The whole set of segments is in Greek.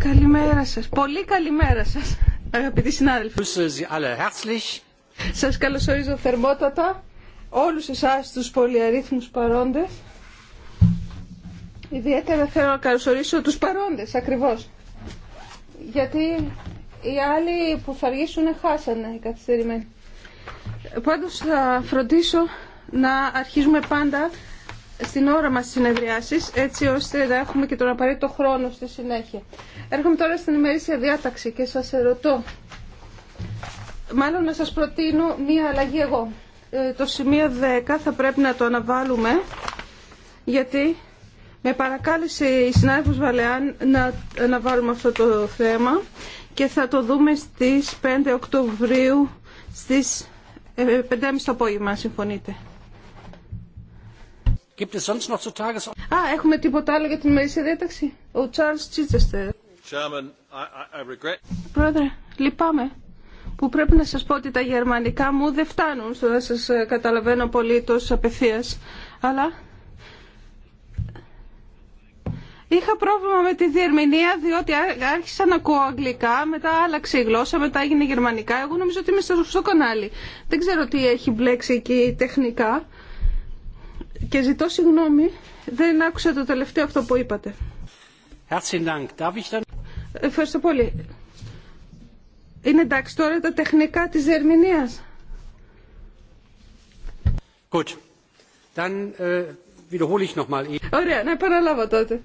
Καλημέρα σας. Πολύ καλημέρα σας, αγαπητοί συνάδελφοι. Σας καλωσορίζω θερμότατα, όλους εσάς τους πολυαρίθμους παρόντες. Ιδιαίτερα θέλω να καλωσορίσω τους παρόντες, ακριβώς. Γιατί οι άλλοι που θα αργήσουν χάσανε οι καθυστερημένοι. Πάντως θα φροντίσω να αρχίζουμε πάντα στην ώρα μας συνεδριάσεις, έτσι ώστε να έχουμε και τον απαραίτητο χρόνο στη συνέχεια. Έρχομαι τώρα στην ημερήσια διάταξη και σας ερωτώ. Μάλλον να σας προτείνω μία αλλαγή εγώ. Ε, το σημείο 10 θα πρέπει να το αναβάλουμε, γιατί με παρακάλεσε η συνάδελφος Βαλεάν να αναβάλουμε αυτό το θέμα και θα το δούμε στις 5 Οκτωβρίου στις 5.30 ε, το απόγευμα, συμφωνείτε. Gibt es sonst noch Tagesordnung? Α, έχουμε τίποτα άλλο για την ημερήσια διάταξη. Ο Τσάρλς Τσίτσεστερ. Πρόεδρε, λυπάμαι που πρέπει να σας πω ότι τα γερμανικά μου δεν φτάνουν στο να σας ε, καταλαβαίνω πολύ τόσο απευθείας. Αλλά Είχα πρόβλημα με τη διερμηνία διότι άρχισα να ακούω αγγλικά, μετά άλλαξε η γλώσσα, μετά έγινε γερμανικά. Εγώ νομίζω ότι είμαι στο κανάλι. Δεν ξέρω τι έχει μπλέξει εκεί τεχνικά, και ζητώ συγγνώμη, δεν άκουσα το τελευταίο αυτό που είπατε. Ευχαριστώ πολύ. Είναι εντάξει τώρα τα τεχνικά της Ερμηνείας. Ε, Ωραία, να επαναλάβω τότε.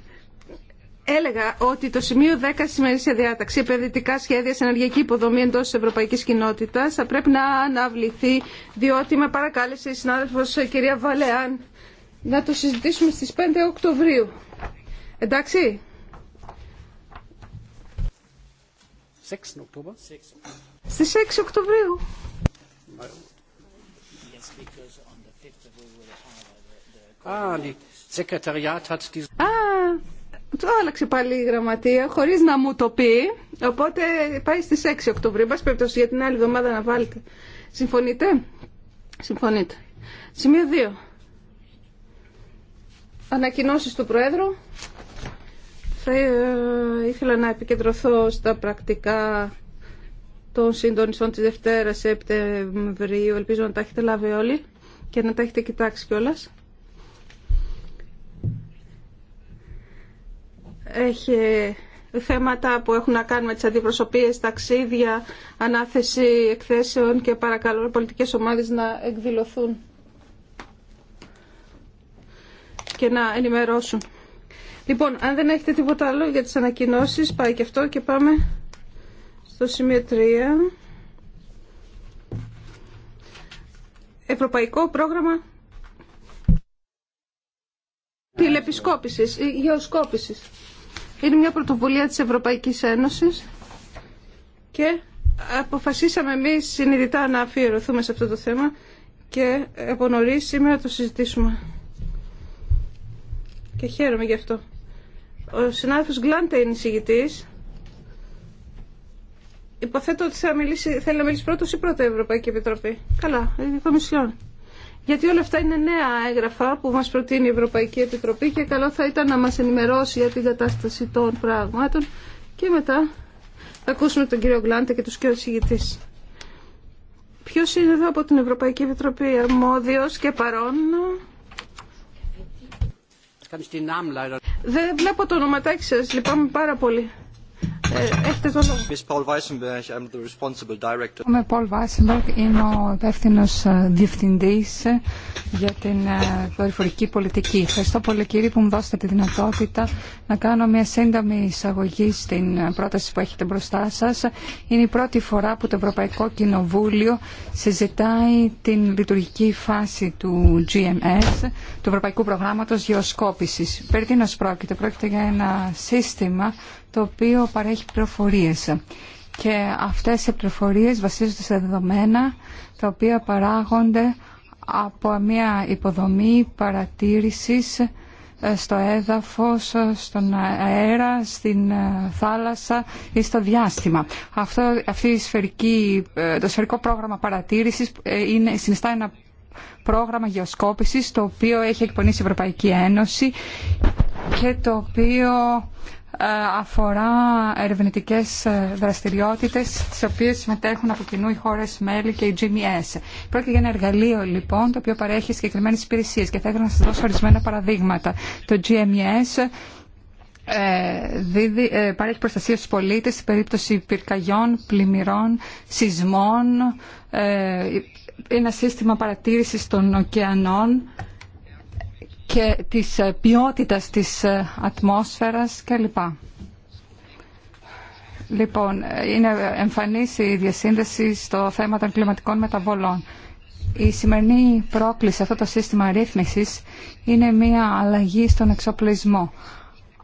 Έλεγα ότι το σημείο 10 τη σημερινής διάταξη, επενδυτικά σχέδια σε ενεργειακή υποδομή εντό τη Ευρωπαϊκή Κοινότητα, θα πρέπει να αναβληθεί, διότι με παρακάλεσε η συνάδελφο ε, κυρία Βαλεάν να το συζητήσουμε στις 5 Οκτωβρίου. Εντάξει. 6 Οκτωβρίου. Στις 6 Οκτωβρίου. Α, το άλλαξε πάλι η γραμματεία χωρίς να μου το πει. Οπότε πάει στις 6 Οκτωβρίου. Μπας περιπτώσει για την άλλη εβδομάδα να βάλετε. Συμφωνείτε. Συμφωνείτε. Σημείο 2. Ανακοινώσεις του Προέδρου. Θα ε, ήθελα να επικεντρωθώ στα πρακτικά των συντονιστών της Δευτέρας Σεπτεμβρίου. Ελπίζω να τα έχετε λάβει όλοι και να τα έχετε κοιτάξει κιόλας. Έχει θέματα που έχουν να κάνουν με τις αντιπροσωπείες, ταξίδια, ανάθεση εκθέσεων και παρακαλώ πολιτικές ομάδες να εκδηλωθούν και να ενημερώσουν. Λοιπόν, αν δεν έχετε τίποτα άλλο για τις ανακοινώσεις, πάει και αυτό και πάμε στο σημείο 3. Ευρωπαϊκό πρόγραμμα τηλεπισκόπησης, γεωσκόπησης. Είναι μια πρωτοβουλία της Ευρωπαϊκής Ένωσης και αποφασίσαμε εμείς συνειδητά να αφιερωθούμε σε αυτό το θέμα και από σήμερα το συζητήσουμε και χαίρομαι γι' αυτό. Ο συνάδελφος Γκλάντε είναι συγητή. Υποθέτω ότι μιλήσει, θέλει να μιλήσει πρώτος ή πρώτα η Ευρωπαϊκή Επιτροπή. Καλά, η Κομισιόν. Γιατί όλα αυτά είναι νέα έγγραφα που μας προτείνει η Ευρωπαϊκή Επιτροπή και καλό θα ήταν να μας ενημερώσει για την κατάσταση των πραγμάτων και μετά θα ακούσουμε τον κύριο Γκλάντε και τους κύριους συγητής. Ποιος είναι εδώ από την Ευρωπαϊκή Επιτροπή αρμόδιος και παρόν. Δεν βλέπω το ονοματάκι σας, λυπάμαι πάρα πολύ. Είμαι ο Είμαι Πολ Βάισενμπεργκ, είμαι ο υπεύθυνο ε, διευθυντή ε, για την ε, δορυφορική πολιτική. Ευχαριστώ πολύ κύριε που μου δώσετε τη δυνατότητα να κάνω μια σύντομη εισαγωγή στην πρόταση που έχετε μπροστά σα. Είναι η πρώτη φορά που το Ευρωπαϊκό Κοινοβούλιο συζητάει την λειτουργική φάση του GMS, του Ευρωπαϊκού Προγράμματο Γεωσκόπηση. Περί τίνο πρόκειται, πρόκειται για ένα σύστημα το οποίο παρέχει πληροφορίες. Και αυτές οι πληροφορίες βασίζονται σε δεδομένα τα οποία παράγονται από μια υποδομή παρατήρησης ε, στο έδαφος, ε, στον αέρα, στην ε, θάλασσα ή στο διάστημα. Αυτό, αυτή η σφαιρική, το σφαιρικό πρόγραμμα παρατήρησης είναι, συνιστά ένα πρόγραμμα γεωσκόπησης το οποίο έχει εκπονήσει η Ευρωπαϊκή Ένωση και το οποίο ε, αφορά ερευνητικές ε, δραστηριότητες τις οποίες συμμετέχουν από κοινού οι χώρες μέλη και η GMS. E Πρόκειται για ένα εργαλείο λοιπόν το οποίο παρέχει συγκεκριμένες υπηρεσίες και θα ήθελα να σας δώσω ορισμένα παραδείγματα. Το GMS e ε, δίδει, παρέχει προστασία στους πολίτες σε περίπτωση πυρκαγιών, πλημμυρών, σεισμών, ένα σύστημα παρατήρησης των ωκεανών και της ε, ποιότητας της ε, ατμόσφαιρας κλπ. Λοιπόν, είναι εμφανής η διασύνδεση στο θέμα των κλιματικών μεταβολών. Η σημερινή πρόκληση σε αυτό το σύστημα ρύθμισης είναι μια αλλαγή στον εξοπλισμό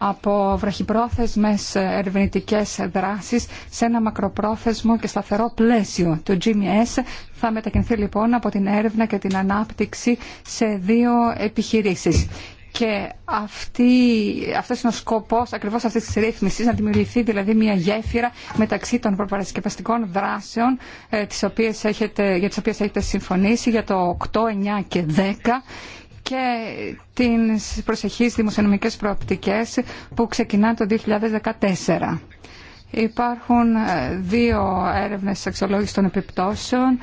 από βραχυπρόθεσμες ερευνητικές δράσεις σε ένα μακροπρόθεσμο και σταθερό πλαίσιο. Το GMS θα μετακινηθεί λοιπόν από την έρευνα και την ανάπτυξη σε δύο επιχειρήσεις. Και αυτή, αυτός είναι ο σκοπός ακριβώς αυτής της ρύθμισης, να δημιουργηθεί δηλαδή μια γέφυρα μεταξύ των προπαρασκευαστικών δράσεων ε, τις οποίες έχετε, για τις οποίες έχετε συμφωνήσει για το 8, 9 και 10 και τις προσεχείς δημοσιονομικές προοπτικές που ξεκινά το 2014. Υπάρχουν ε, δύο έρευνες αξιολόγηση των επιπτώσεων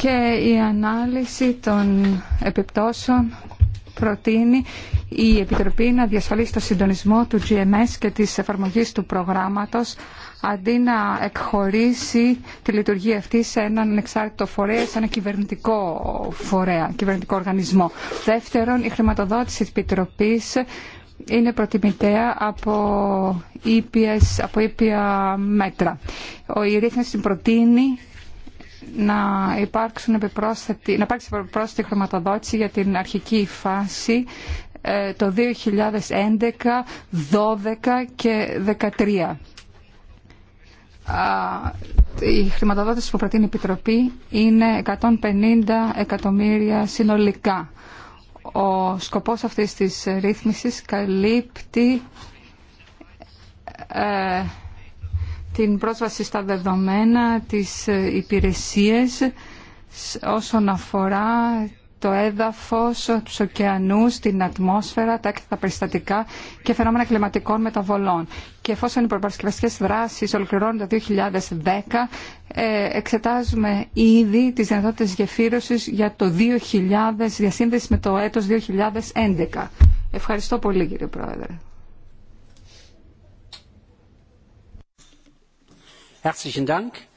και η ανάλυση των επιπτώσεων προτείνει η Επιτροπή να διασφαλίσει το συντονισμό του GMS και της εφαρμογής του προγράμματος αντί να εκχωρήσει τη λειτουργία αυτή σε έναν ανεξάρτητο φορέα, σε ένα κυβερνητικό φορέα, κυβερνητικό οργανισμό. Δεύτερον, η χρηματοδότηση της Επιτροπής είναι προτιμητέα από, ήπιες, από ήπια μέτρα. Ο ρύθμιση την προτείνει να, υπάρξουν να υπάρξει επιπρόσθετη χρηματοδότηση για την αρχική φάση ε, το 2011, 12 και 13 η χρηματοδότηση που προτείνει η Επιτροπή είναι 150 εκατομμύρια συνολικά. Ο σκοπός αυτής της ρύθμισης καλύπτει ε, την πρόσβαση στα δεδομένα, τις ε, υπηρεσίες όσον αφορά το έδαφος, τους ωκεανούς, την ατμόσφαιρα, τα έκθετα περιστατικά και φαινόμενα κλιματικών μεταβολών. Και εφόσον οι προπαρασκευαστικέ δράσει ολοκληρώνουν το 2010, ε, εξετάζουμε ήδη τις δυνατότητε γεφύρωσης για το 2000, διασύνδεση με το έτος 2011. Ευχαριστώ πολύ κύριε Πρόεδρε.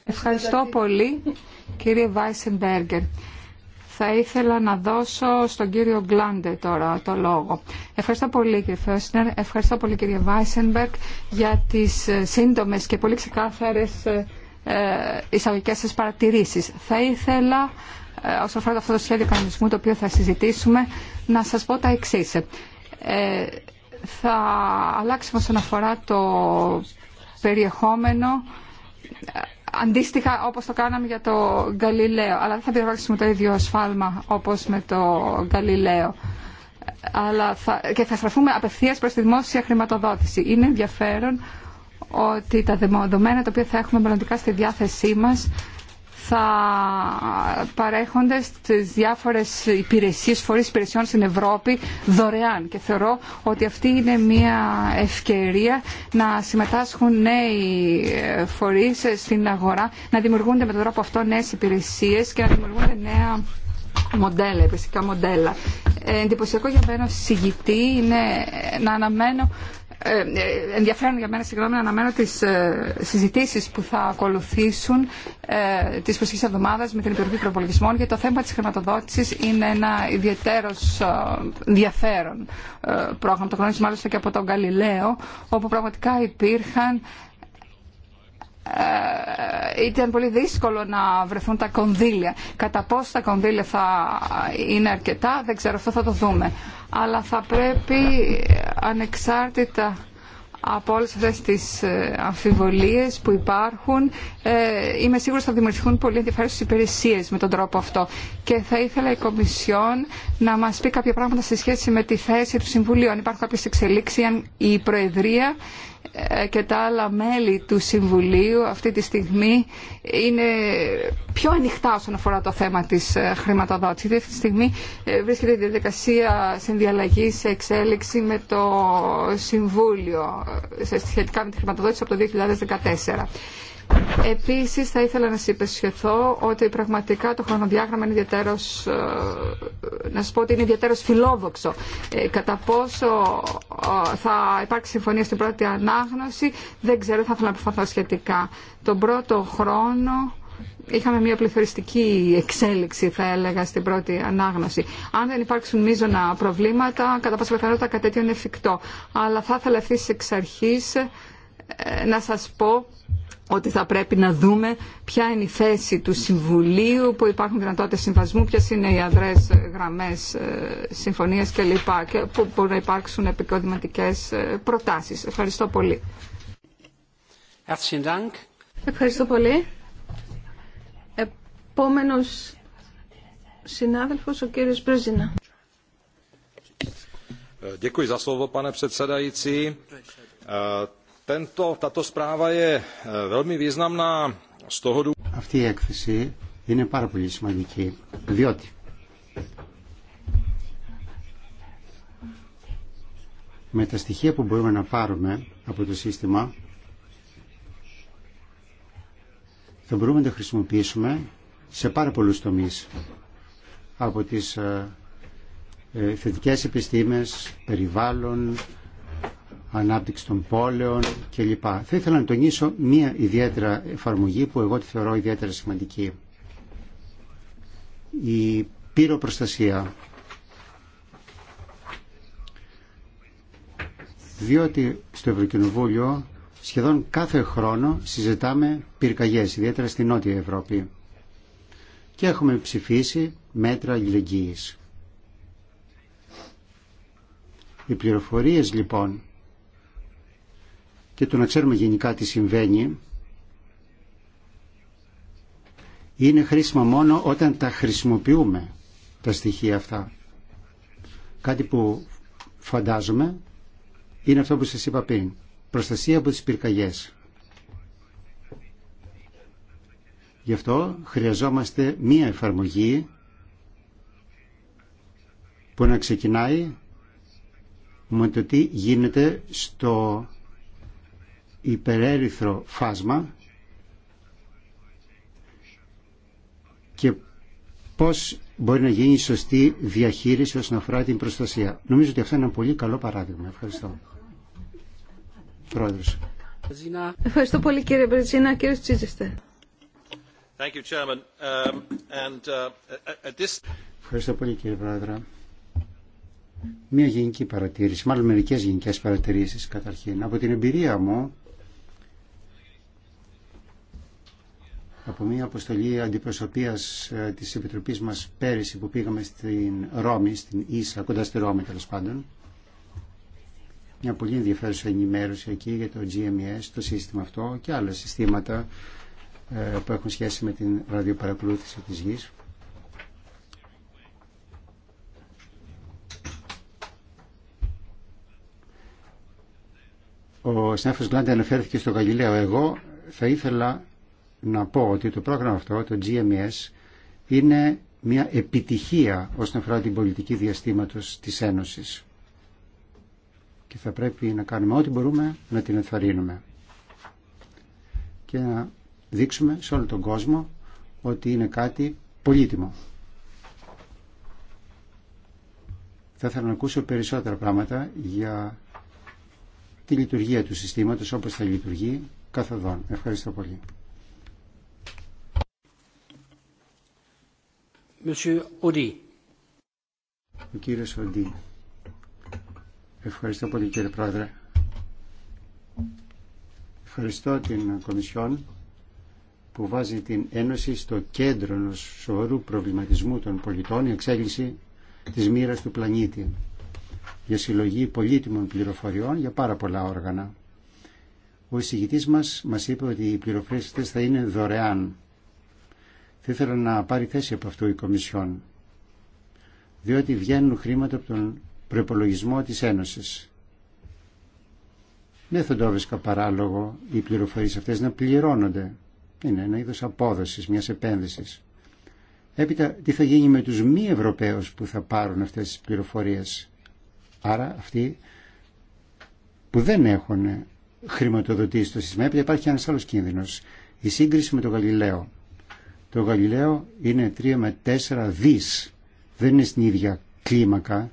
Ευχαριστώ πολύ κύριε Βάισενμπέργκερ. Θα ήθελα να δώσω στον κύριο Γκλάντε τώρα το λόγο. Ευχαριστώ πολύ κύριε Φέσνερ, ευχαριστώ πολύ κύριε Βάισενμπερκ για τις ε, σύντομες και πολύ ξεκάθαρες ε, ε, εισαγωγικές σας παρατηρήσεις. Θα ήθελα όσον αφορά αυτό το σχέδιο κανονισμού το οποίο θα συζητήσουμε να σας πω τα εξής. θα αλλάξουμε όσον αφορά το περιεχόμενο αντίστοιχα όπως το κάναμε για το Γκαλιλαίο. Αλλά δεν θα διαβάσουμε το ίδιο σφάλμα όπως με το Γκαλιλαίο. Αλλά θα, και θα στραφούμε απευθείας προς τη δημόσια χρηματοδότηση. Είναι ενδιαφέρον ότι τα δεδομένα τα οποία θα έχουμε μελλοντικά στη διάθεσή μας θα παρέχονται στις διάφορες υπηρεσίες, φορείς υπηρεσιών στην Ευρώπη δωρεάν και θεωρώ ότι αυτή είναι μια ευκαιρία να συμμετάσχουν νέοι ε, φορείς ε, στην αγορά, να δημιουργούνται με τον τρόπο αυτό νέες υπηρεσίες και να δημιουργούνται νέα μοντέλα, επιστικά μοντέλα. Ε, εντυπωσιακό για μένα συγητή είναι να αναμένω ε, ε, ενδιαφέρον για μένα συγγνώμη να αναμένω τις ε, συζητήσεις που θα ακολουθήσουν ε, της προσεχής με την Επιτροπή Προπολογισμών γιατί το θέμα της χρηματοδότησης είναι ένα ιδιαίτερος ενδιαφέρον πρόγραμμα. Το γνωρίζουμε μάλιστα και από τον Γαλιλαίο όπου πραγματικά υπήρχαν ε, ήταν πολύ δύσκολο να βρεθούν τα κονδύλια. Κατά πόσο τα κονδύλια θα είναι αρκετά, δεν ξέρω, αυτό θα το δούμε. Αλλά θα πρέπει ανεξάρτητα από όλες αυτές τις ε, αμφιβολίες που υπάρχουν ε, είμαι σίγουρος θα δημιουργηθούν πολύ ενδιαφέρουσες υπηρεσίες με τον τρόπο αυτό και θα ήθελα η Κομισιόν να μας πει κάποια πράγματα σε σχέση με τη θέση του Συμβουλίου αν υπάρχουν κάποιες εξελίξεις αν η Προεδρία και τα άλλα μέλη του Συμβουλίου αυτή τη στιγμή είναι πιο ανοιχτά όσον αφορά το θέμα της ε, χρηματοδότησης. Αυτή τη στιγμή ε, βρίσκεται η διαδικασία συνδιαλλαγή σε εξέλιξη με το Συμβούλιο ε, σε σχετικά με τη χρηματοδότηση από το 2014. Επίσης θα ήθελα να σας υπεσχεθώ ότι πραγματικά το χρονοδιάγραμμα είναι ιδιαίτερος, ε, να είναι ιδιαίτερος φιλόδοξο. Ε, κατά πόσο ε, θα υπάρξει συμφωνία στην πρώτη ανάγνωση δεν ξέρω, θα ήθελα να επιφαθώ σχετικά. Τον πρώτο χρόνο είχαμε μια πληθωριστική εξέλιξη, θα έλεγα, στην πρώτη ανάγνωση. Αν δεν υπάρξουν μείζωνα προβλήματα, κατά πάσα πιθανότητα κάτι είναι εφικτό. Αλλά θα ήθελα ευθύ εξ να σας πω ότι θα πρέπει να δούμε ποια είναι η θέση του Συμβουλίου, που υπάρχουν δυνατότητες συμβασμού, ποιες είναι οι αδρές ε, γραμμές ε, συμφωνίας κλπ. Και που μπορούν να υπάρξουν επικοδηματικές ε, προτάσεις. Ευχαριστώ πολύ. Ευχαριστώ πολύ. Επόμενος συνάδελφος, ο κύριος Μπρέζινα. Děkuji za slovo, Eh, Αυτή η έκθεση είναι πάρα πολύ σημαντική, διότι με τα στοιχεία που μπορούμε να πάρουμε από το σύστημα θα μπορούμε να τα χρησιμοποιήσουμε σε πάρα πολλούς τομείς από τις ε, ε, θετικές επιστήμες, περιβάλλον, ανάπτυξη των πόλεων κλπ. Θα ήθελα να τονίσω μία ιδιαίτερα εφαρμογή που εγώ τη θεωρώ ιδιαίτερα σημαντική. Η πυροπροστασία. Διότι στο Ευρωκοινοβούλιο σχεδόν κάθε χρόνο συζητάμε πυρκαγιές, ιδιαίτερα στη Νότια Ευρώπη. Και έχουμε ψηφίσει μέτρα αλληλεγγύης. Οι πληροφορίες λοιπόν και το να ξέρουμε γενικά τι συμβαίνει είναι χρήσιμο μόνο όταν τα χρησιμοποιούμε τα στοιχεία αυτά. Κάτι που φαντάζομαι είναι αυτό που σας είπα πριν. Προστασία από τις πυρκαγιές. Γι' αυτό χρειαζόμαστε μία εφαρμογή που να ξεκινάει με το τι γίνεται στο υπερέρυθρο φάσμα και πώς μπορεί να γίνει σωστή διαχείριση όσον αφορά την προστασία. Νομίζω ότι αυτό είναι ένα πολύ καλό παράδειγμα. Ευχαριστώ. Πρόεδρος. Ευχαριστώ πολύ κύριε Μπρετζίνα. Κύριε Τσίζεστε. Um, uh, Ευχαριστώ πολύ κύριε Πρόεδρε. Μία γενική παρατήρηση, μάλλον μερικές γενικές παρατηρήσεις καταρχήν. Από την εμπειρία μου από μια αποστολή αντιπροσωπείας ε, της Επιτροπής μας πέρυσι που πήγαμε στην Ρώμη, στην Ίσα, κοντά στη Ρώμη τέλο πάντων. Μια πολύ ενδιαφέρουσα ενημέρωση εκεί για το GMS, e το σύστημα αυτό και άλλα συστήματα ε, που έχουν σχέση με την ραδιοπαρακολούθηση της γης. Ο Σνέφος Γκλάντε αναφέρθηκε στο Γαλιλαίο. Εγώ θα ήθελα να πω ότι το πρόγραμμα αυτό, το GMS, e είναι μια επιτυχία όσον αφορά την πολιτική διαστήματος της Ένωσης. Και θα πρέπει να κάνουμε ό,τι μπορούμε να την ενθαρρύνουμε. Και να δείξουμε σε όλο τον κόσμο ότι είναι κάτι πολύτιμο. Θα ήθελα να ακούσω περισσότερα πράγματα για τη λειτουργία του συστήματος, όπως θα λειτουργεί καθοδόν. Ευχαριστώ πολύ. Ο κύριος Οντί. Ευχαριστώ πολύ κύριε Πρόεδρε. Ευχαριστώ την Κομισιόν που βάζει την Ένωση στο κέντρο ενός σοβαρού προβληματισμού των πολιτών η εξέλιξη της μοίρα του πλανήτη για συλλογή πολύτιμων πληροφοριών για πάρα πολλά όργανα. Ο εισηγητής μας μας είπε ότι οι πληροφορίες αυτές θα είναι δωρεάν θα ήθελα να πάρει θέση από αυτού η Κομισιόν, διότι βγαίνουν χρήματα από τον προπολογισμό της Ένωσης. Δεν θα το έβρισκα παράλογο οι πληροφορίες αυτές να πληρώνονται. Είναι ένα είδος απόδοσης, μιας επένδυσης. Έπειτα, τι θα γίνει με τους μη Ευρωπαίους που θα πάρουν αυτές τις πληροφορίες. Άρα αυτοί που δεν έχουν χρηματοδοτήσει το σύστημα. Έπειτα υπάρχει ένας άλλος κίνδυνος. Η σύγκριση με τον Γαλιλαίο. Το Γαλιλαίο είναι 3 με 4 δις. Δεν είναι στην ίδια κλίμακα.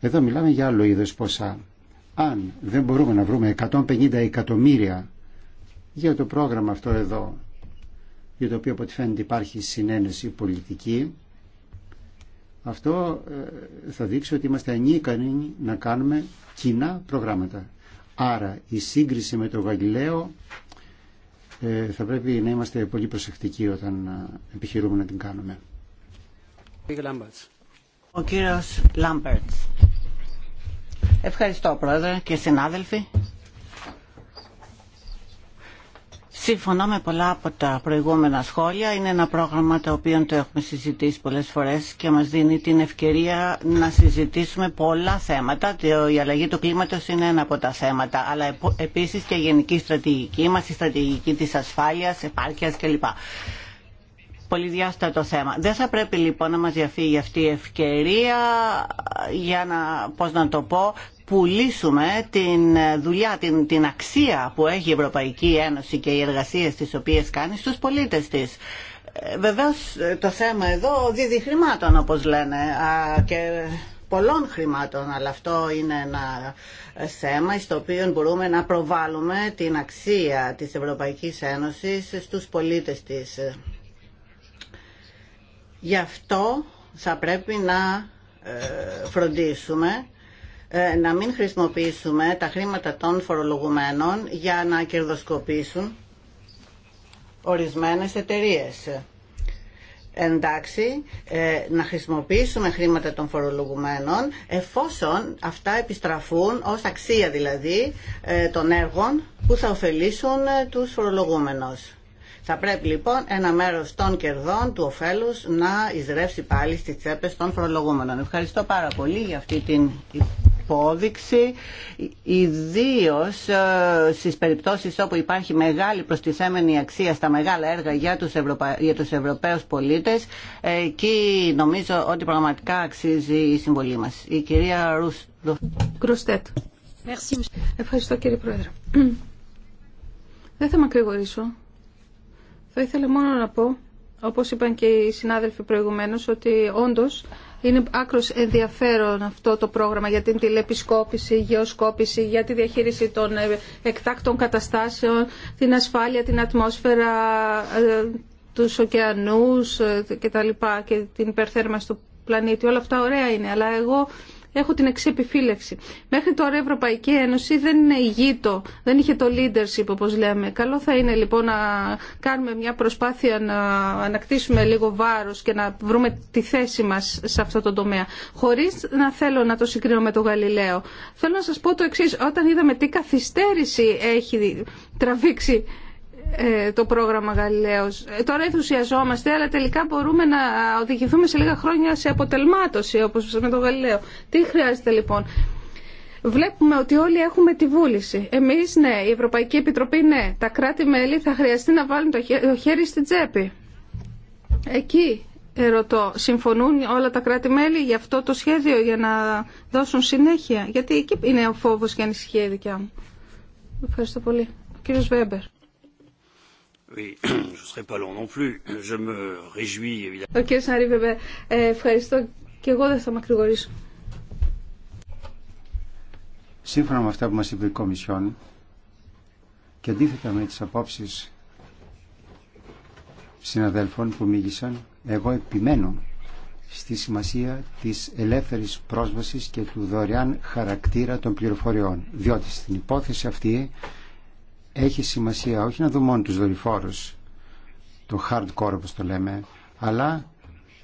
Εδώ μιλάμε για άλλο είδος ποσά. Αν δεν μπορούμε να βρούμε 150 εκατομμύρια για το πρόγραμμα αυτό εδώ, για το οποίο από ό,τι φαίνεται υπάρχει συνένεση πολιτική, αυτό ε, θα δείξει ότι είμαστε ανίκανοι να κάνουμε κοινά προγράμματα. Άρα η σύγκριση με το Γαλιλαίο... Ε, θα πρέπει να είμαστε πολύ προσεκτικοί όταν ε, επιχειρούμε να την κάνουμε. Ο κύριος Λάμπερτς. Ευχαριστώ πρόεδρε και συνάδελφοι. Συμφωνώ με πολλά από τα προηγούμενα σχόλια. Είναι ένα πρόγραμμα το οποίο το έχουμε συζητήσει πολλές φορές και μας δίνει την ευκαιρία να συζητήσουμε πολλά θέματα. Η αλλαγή του κλίματος είναι ένα από τα θέματα, αλλά επίσης και η γενική στρατηγική μας, η στρατηγική της ασφάλειας, επάρκειας κλπ πολυδιάστατο θέμα. Δεν θα πρέπει λοιπόν να μας διαφύγει αυτή η ευκαιρία για να, πώς να το πω, πουλήσουμε την δουλειά, την, την αξία που έχει η Ευρωπαϊκή Ένωση και οι εργασίες τις οποίες κάνει στους πολίτες της. Ε, βεβαίως το θέμα εδώ δίδει χρημάτων όπως λένε και πολλών χρημάτων, αλλά αυτό είναι ένα θέμα στο οποίο μπορούμε να προβάλλουμε την αξία της Ευρωπαϊκής Ένωσης στους πολίτες της. Γι' αυτό θα πρέπει να ε, φροντίσουμε ε, να μην χρησιμοποιήσουμε τα χρήματα των φορολογουμένων για να κερδοσκοπήσουν ορισμένες εταιρείες. Εντάξει, ε, να χρησιμοποιήσουμε χρήματα των φορολογουμένων εφόσον αυτά επιστραφούν ως αξία δηλαδή των έργων που θα ωφελήσουν τους φορολογούμενους. Θα πρέπει λοιπόν ένα μέρος των κερδών του ωφέλους να εισρεύσει πάλι στις τσέπες των φορολογούμενων. Ευχαριστώ πάρα πολύ για αυτή την υπόδειξη, ιδίω ε, στις περιπτώσεις όπου υπάρχει μεγάλη προστιθέμενη αξία στα μεγάλα έργα για τους, Ευρωπα... για τους Ευρωπαίους πολίτες. και νομίζω ότι πραγματικά αξίζει η συμβολή μας. Η κυρία Ρουσ... Ευχαριστώ κύριε Πρόεδρε. Δεν θα μακρηγορήσω. Θα ήθελα μόνο να πω, όπως είπαν και οι συνάδελφοι προηγουμένως, ότι όντως είναι άκρος ενδιαφέρον αυτό το πρόγραμμα για την τηλεπισκόπηση, γεωσκόπηση, για τη διαχείριση των ε, εκτάκτων καταστάσεων, την ασφάλεια, την ατμόσφαιρα, ε, τους ωκεανούς ε, και τα λοιπά και την υπερθέρμανση του πλανήτη. Όλα αυτά ωραία είναι, αλλά εγώ έχω την εξή επιφύλαξη. Μέχρι τώρα η Ευρωπαϊκή Ένωση δεν είναι ηγείτο, δεν είχε το leadership όπως λέμε. Καλό θα είναι λοιπόν να κάνουμε μια προσπάθεια να ανακτήσουμε λίγο βάρος και να βρούμε τη θέση μας σε αυτό το τομέα. Χωρίς να θέλω να το συγκρίνω με το Γαλιλαίο. Θέλω να σας πω το εξή. Όταν είδαμε τι καθυστέρηση έχει τραβήξει ε, το πρόγραμμα Γαλιλαίος. Ε, τώρα ενθουσιαζόμαστε, αλλά τελικά μπορούμε να οδηγηθούμε σε λίγα χρόνια σε αποτελμάτωση, όπως με το Γαλιλαίο. Τι χρειάζεται λοιπόν. Βλέπουμε ότι όλοι έχουμε τη βούληση. Εμείς ναι, η Ευρωπαϊκή Επιτροπή ναι, τα κράτη-μέλη θα χρειαστεί να βάλουν το χέρι στην τσέπη. Εκεί ε, ρωτώ, συμφωνούν όλα τα κράτη-μέλη για αυτό το σχέδιο για να δώσουν συνέχεια. Γιατί εκεί είναι ο φόβος και ανησυχία η δικιά μου. Ευχαριστώ πολύ. Ο κύριος Βέμπερ ευχαριστώ και εγώ δεν θα μακρηγορήσω. Σύμφωνα με αυτά που μας είπε η Κομισιόν και αντίθετα με τις απόψεις συναδέλφων που μίλησαν, εγώ επιμένω στη σημασία της ελεύθερης πρόσβασης και του δωρεάν χαρακτήρα των πληροφοριών. Διότι στην υπόθεση αυτή έχει σημασία όχι να δούμε μόνο τους δορυφόρους, το hardcore όπως το λέμε, αλλά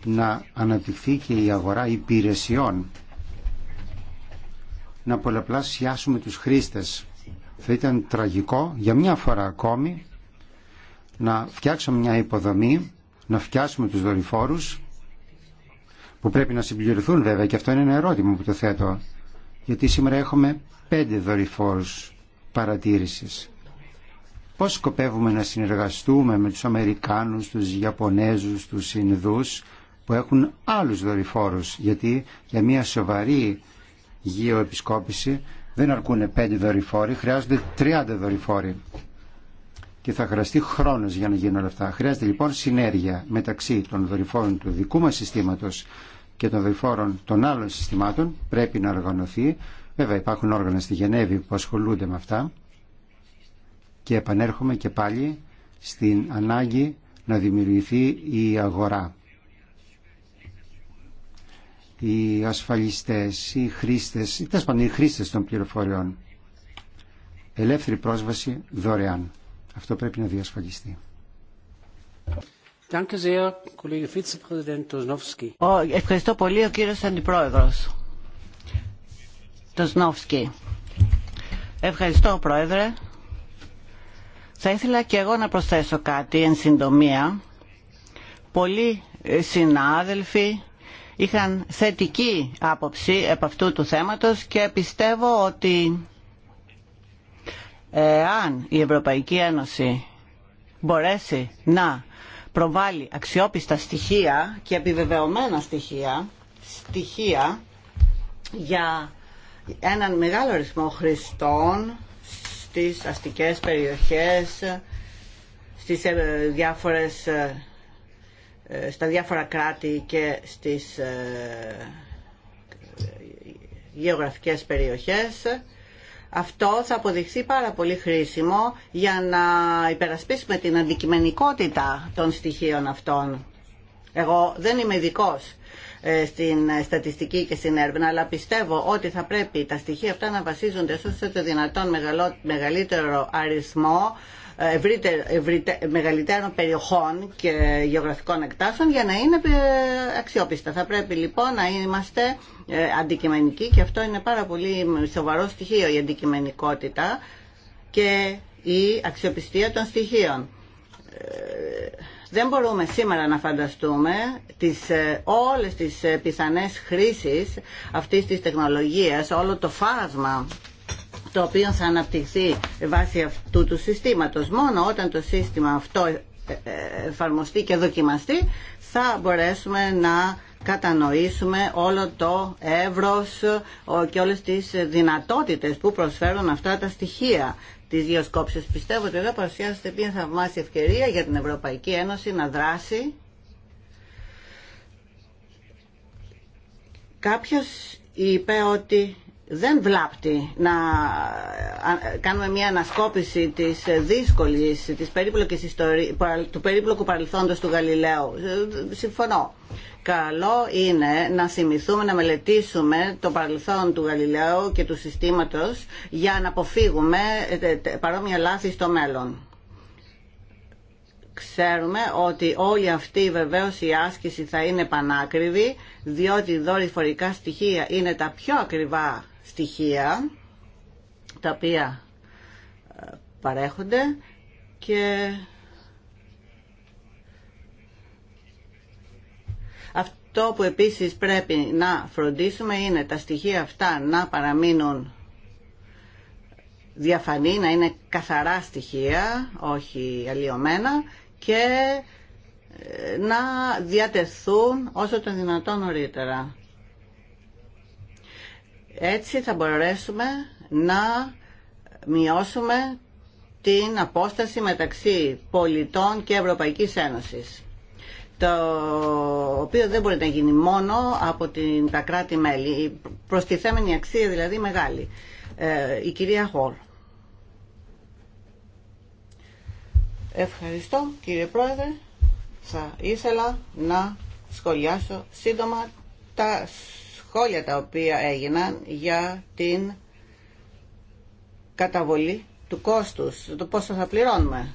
να αναπτυχθεί και η αγορά υπηρεσιών, να πολλαπλασιάσουμε τους χρήστες. Θα ήταν τραγικό για μια φορά ακόμη να φτιάξουμε μια υποδομή, να φτιάξουμε τους δορυφόρους, που πρέπει να συμπληρωθούν βέβαια και αυτό είναι ένα ερώτημα που το θέτω, γιατί σήμερα έχουμε πέντε δορυφόρους παρατήρησης. Πώς σκοπεύουμε να συνεργαστούμε με τους Αμερικάνους, τους Ιαπωνέζους, τους Ινδούς που έχουν άλλους δορυφόρους γιατί για μια σοβαρή γεωεπισκόπηση δεν αρκούν πέντε δορυφόροι, χρειάζονται 30 δορυφόροι και θα χρειαστεί χρόνος για να γίνουν όλα αυτά. Χρειάζεται λοιπόν συνέργεια μεταξύ των δορυφόρων του δικού μας συστήματος και των δορυφόρων των άλλων συστημάτων πρέπει να οργανωθεί. Βέβαια υπάρχουν όργανα στη Γενέβη που ασχολούνται με αυτά και επανέρχομαι και πάλι στην ανάγκη να δημιουργηθεί η αγορά. Οι ασφαλιστές, οι χρήστες, οι οι χρήστες των πληροφοριών. Ελεύθερη πρόσβαση δωρεάν. Αυτό πρέπει να διασφαλιστεί. Ευχαριστώ πολύ ο κύριος Αντιπρόεδρος Ευχαριστώ Πρόεδρε. Θα ήθελα και εγώ να προσθέσω κάτι εν συντομία. Πολλοί ε, συνάδελφοι είχαν θετική άποψη από αυτού του θέματος και πιστεύω ότι εάν η Ευρωπαϊκή Ένωση μπορέσει να προβάλλει αξιόπιστα στοιχεία και επιβεβαιωμένα στοιχεία, στοιχεία για έναν μεγάλο αριθμό χρηστών στις αστικές περιοχές, στις ε, διάφορες, ε, ε, στα διάφορα κράτη και στις γεωγραφικές περιοχές. Αυτό θα αποδειχθεί πάρα πολύ χρήσιμο για να υπερασπίσουμε την αντικειμενικότητα των στοιχείων αυτών. Εγώ δεν είμαι ειδικό ε, στην στατιστική και στην έρευνα, αλλά πιστεύω ότι θα πρέπει τα στοιχεία αυτά να βασίζονται όσο το δυνατόν μεγαλύτερο αριθμό ε, μεγαλύτερων περιοχών και γεωγραφικών εκτάσεων για να είναι ε, αξιόπιστα. Θα πρέπει λοιπόν να είμαστε αντικειμενικοί και αυτό είναι πάρα πολύ σοβαρό στοιχείο η αντικειμενικότητα και η αξιοπιστία των στοιχείων. Ε, δεν μπορούμε σήμερα να φανταστούμε τις, ε, όλες τις ε, πιθανές χρήσεις αυτής της τεχνολογίας, όλο το φάσμα το οποίο θα αναπτυχθεί βάσει αυτού του συστήματος. Μόνο όταν το σύστημα αυτό εφαρμοστεί και δοκιμαστεί θα μπορέσουμε να κατανοήσουμε όλο το εύρος και όλες τις δυνατότητες που προσφέρουν αυτά τα στοιχεία τις δύο σκόψεις. Πιστεύω ότι εδώ παρουσιάζεται μια θαυμάσια ευκαιρία για την Ευρωπαϊκή Ένωση να δράσει. Κάποιος είπε ότι δεν βλάπτει να κάνουμε μια ανασκόπηση της δύσκολης, της περίπλοκης ιστορίας, του περίπλοκου παρελθόντος του Γαλιλαίου. Συμφωνώ καλό είναι να θυμηθούμε, να μελετήσουμε το παρελθόν του Γαλιλαίου και του συστήματος για να αποφύγουμε ε, παρόμοια λάθη στο μέλλον. Ξέρουμε ότι όλη αυτή βεβαίω η άσκηση θα είναι πανάκριβη, διότι δορυφορικά στοιχεία είναι τα πιο ακριβά στοιχεία, τα οποία ε, παρέχονται και Αυτό που επίσης πρέπει να φροντίσουμε είναι τα στοιχεία αυτά να παραμείνουν διαφανή, να είναι καθαρά στοιχεία, όχι αλλοιωμένα και ε, να διατεθούν όσο το δυνατόν νωρίτερα. Έτσι θα μπορέσουμε να μειώσουμε την απόσταση μεταξύ πολιτών και Ευρωπαϊκής Ένωσης το οποίο δεν μπορεί να γίνει μόνο από την, τα κράτη-μέλη. Η προστιθέμενη αξία δηλαδή μεγάλη. Ε, η κυρία Χόρ Ευχαριστώ κύριε Πρόεδρε. Θα ήθελα να σχολιάσω σύντομα τα σχόλια τα οποία έγιναν για την καταβολή του κόστους, το πόσο θα πληρώνουμε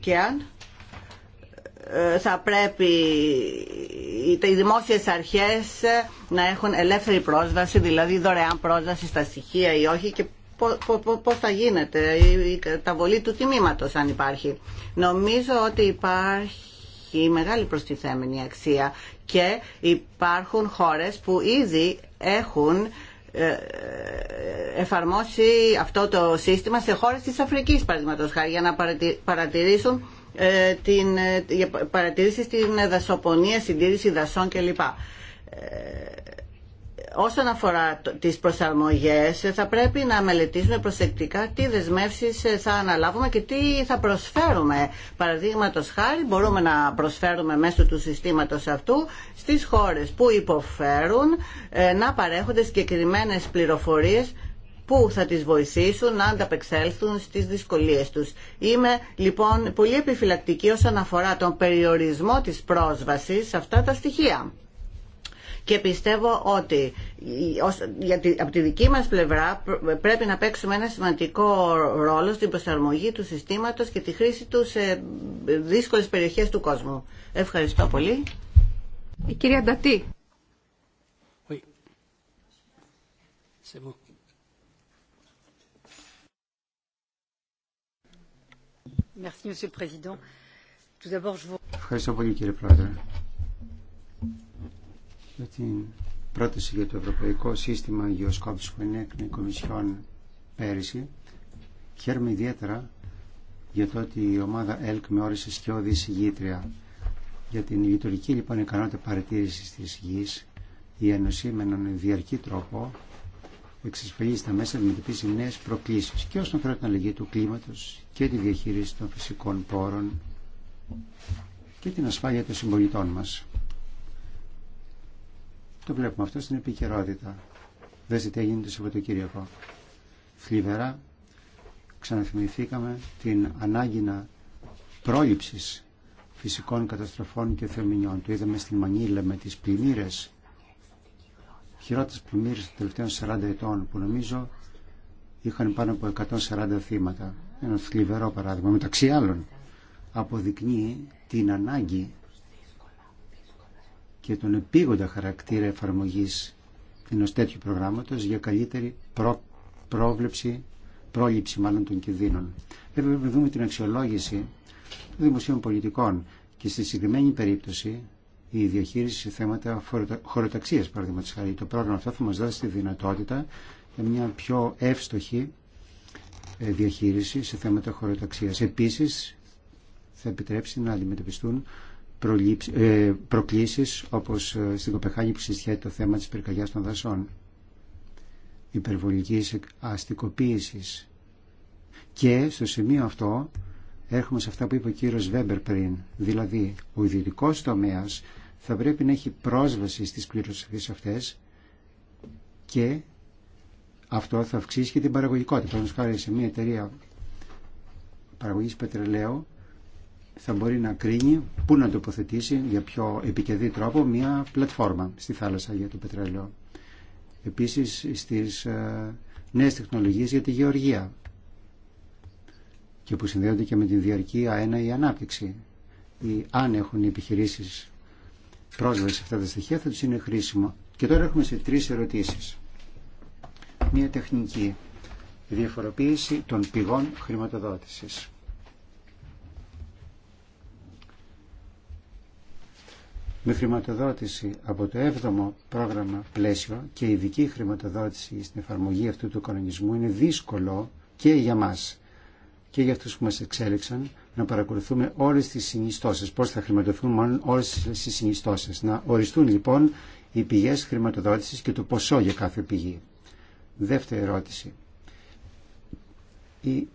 και αν ε, θα πρέπει οι δημόσιες αρχές να έχουν ελεύθερη πρόσβαση, δηλαδή δωρεάν πρόσβαση στα στοιχεία ή όχι και πώς θα γίνεται η καταβολή του τιμήματος αν υπάρχει. Νομίζω ότι υπάρχει μεγάλη προστιθέμενη αξία και υπάρχουν χώρες που ήδη έχουν ε, ε, εφαρμόσει αυτό το σύστημα σε χώρες της Αφρικής, παραδείγματος χάρη, για να παρατηρήσουν ε, την ε, παρατήρηση στην δασοπονία, συντήρηση δασών κλπ. Ε, όσον αφορά τις προσαρμογές, θα πρέπει να μελετήσουμε προσεκτικά τι δεσμεύσεις θα αναλάβουμε και τι θα προσφέρουμε. Παραδείγματο χάρη μπορούμε να προσφέρουμε μέσω του συστήματος αυτού στις χώρες που υποφέρουν να παρέχονται συγκεκριμένε πληροφορίες που θα τις βοηθήσουν να ανταπεξέλθουν στις δυσκολίες τους. Είμαι λοιπόν πολύ επιφυλακτική όσον αφορά τον περιορισμό της πρόσβασης σε αυτά τα στοιχεία. Και πιστεύω ότι από τη δική μας πλευρά πρέπει να παίξουμε ένα σημαντικό ρόλο στην προσαρμογή του συστήματος και τη χρήση του σε δύσκολες περιοχές του κόσμου. Ευχαριστώ πολύ. Η κυρία Ντατή. Ευχαριστώ πολύ κύριε Πρόεδρε για την πρόταση για το Ευρωπαϊκό Σύστημα Γεωσκόπησης που ενέκρινε η Κομισιόν πέρυσι. Χαίρομαι ιδιαίτερα για το ότι η ομάδα ΕΛΚ με όρισε σκιώδη συγγήτρια για την λειτουργική λοιπόν ικανότητα παρατήρηση τη γης η Ένωση με έναν διαρκή τρόπο εξασφαλίζει στα μέσα να αντιμετωπίσει νέε προκλήσει και όσον αφορά την αλλαγή του κλίματο, και τη διαχείριση των φυσικών πόρων και την ασφάλεια των συμπολιτών μας. Το βλέπουμε αυτό στην επικαιρότητα. Δεν τι έγινε το Σαββατοκύριακο. Θλιβερά ξαναθυμηθήκαμε την ανάγκη να πρόληψης φυσικών καταστροφών και θερμινιών. Το είδαμε στην Μανίλα με τις πλημμύρες, χειρότερες πλημμύρες των τελευταίων 40 ετών που νομίζω είχαν πάνω από 140 θύματα ένα θλιβερό παράδειγμα μεταξύ άλλων αποδεικνύει την ανάγκη και τον επίγοντα χαρακτήρα εφαρμογής ενός τέτοιου προγράμματος για καλύτερη προ... πρόβλεψη, πρόληψη μάλλον των κινδύνων. Βέβαια πρέπει δούμε την αξιολόγηση των δημοσίων πολιτικών και στη συγκεκριμένη περίπτωση η διαχείριση σε θέματα χωροταξίας παραδείγματος χάρη. Το πρόγραμμα αυτό θα μας δώσει τη δυνατότητα για μια πιο εύστοχη ε, διαχείριση σε θέματα χωροταξία. Επίσης, θα επιτρέψει να αντιμετωπιστούν ε, προκλήσεις όπως ε, στην Κοπεχάγη που συσχέτει το θέμα της πυρκαγιάς των δασών, υπερβολικής αστικοποίησης. Και στο σημείο αυτό έρχομαι σε αυτά που είπε ο κύριος Βέμπερ πριν, δηλαδή ο ιδιωτικό τομέας θα πρέπει να έχει πρόσβαση στις πληροφορίε αυτές και αυτό θα αυξήσει και την παραγωγικότητα. Παραδείγματο χάρη σε μια εταιρεία παραγωγή πετρελαίου θα μπορεί να κρίνει πού να τοποθετήσει για πιο επικεδή τρόπο μια πλατφόρμα στη θάλασσα για το πετρέλαιο. Επίση, στι ε, νέε τεχνολογίε για τη γεωργία και που συνδέονται και με την διαρκή αένα ή ανάπτυξη. Ή αν έχουν οι επιχειρήσεις πρόσβαση σε αυτά τα στοιχεία θα τους είναι χρήσιμο. Και τώρα έχουμε σε τρεις ερωτήσεις μια τεχνική διαφοροποίηση των πηγών χρηματοδότησης. Με χρηματοδότηση από το 7ο πρόγραμμα πλαίσιο και ειδική χρηματοδότηση στην εφαρμογή αυτού του κανονισμού είναι δύσκολο και για μας και για αυτούς που μας εξέλιξαν να παρακολουθούμε όλες τις συνιστώσεις, πώς θα χρηματοδοθούν μόνο όλες τις συνιστώσεις. Να οριστούν λοιπόν οι πηγές χρηματοδότησης και το ποσό για κάθε πηγή. Δεύτερη ερώτηση. Η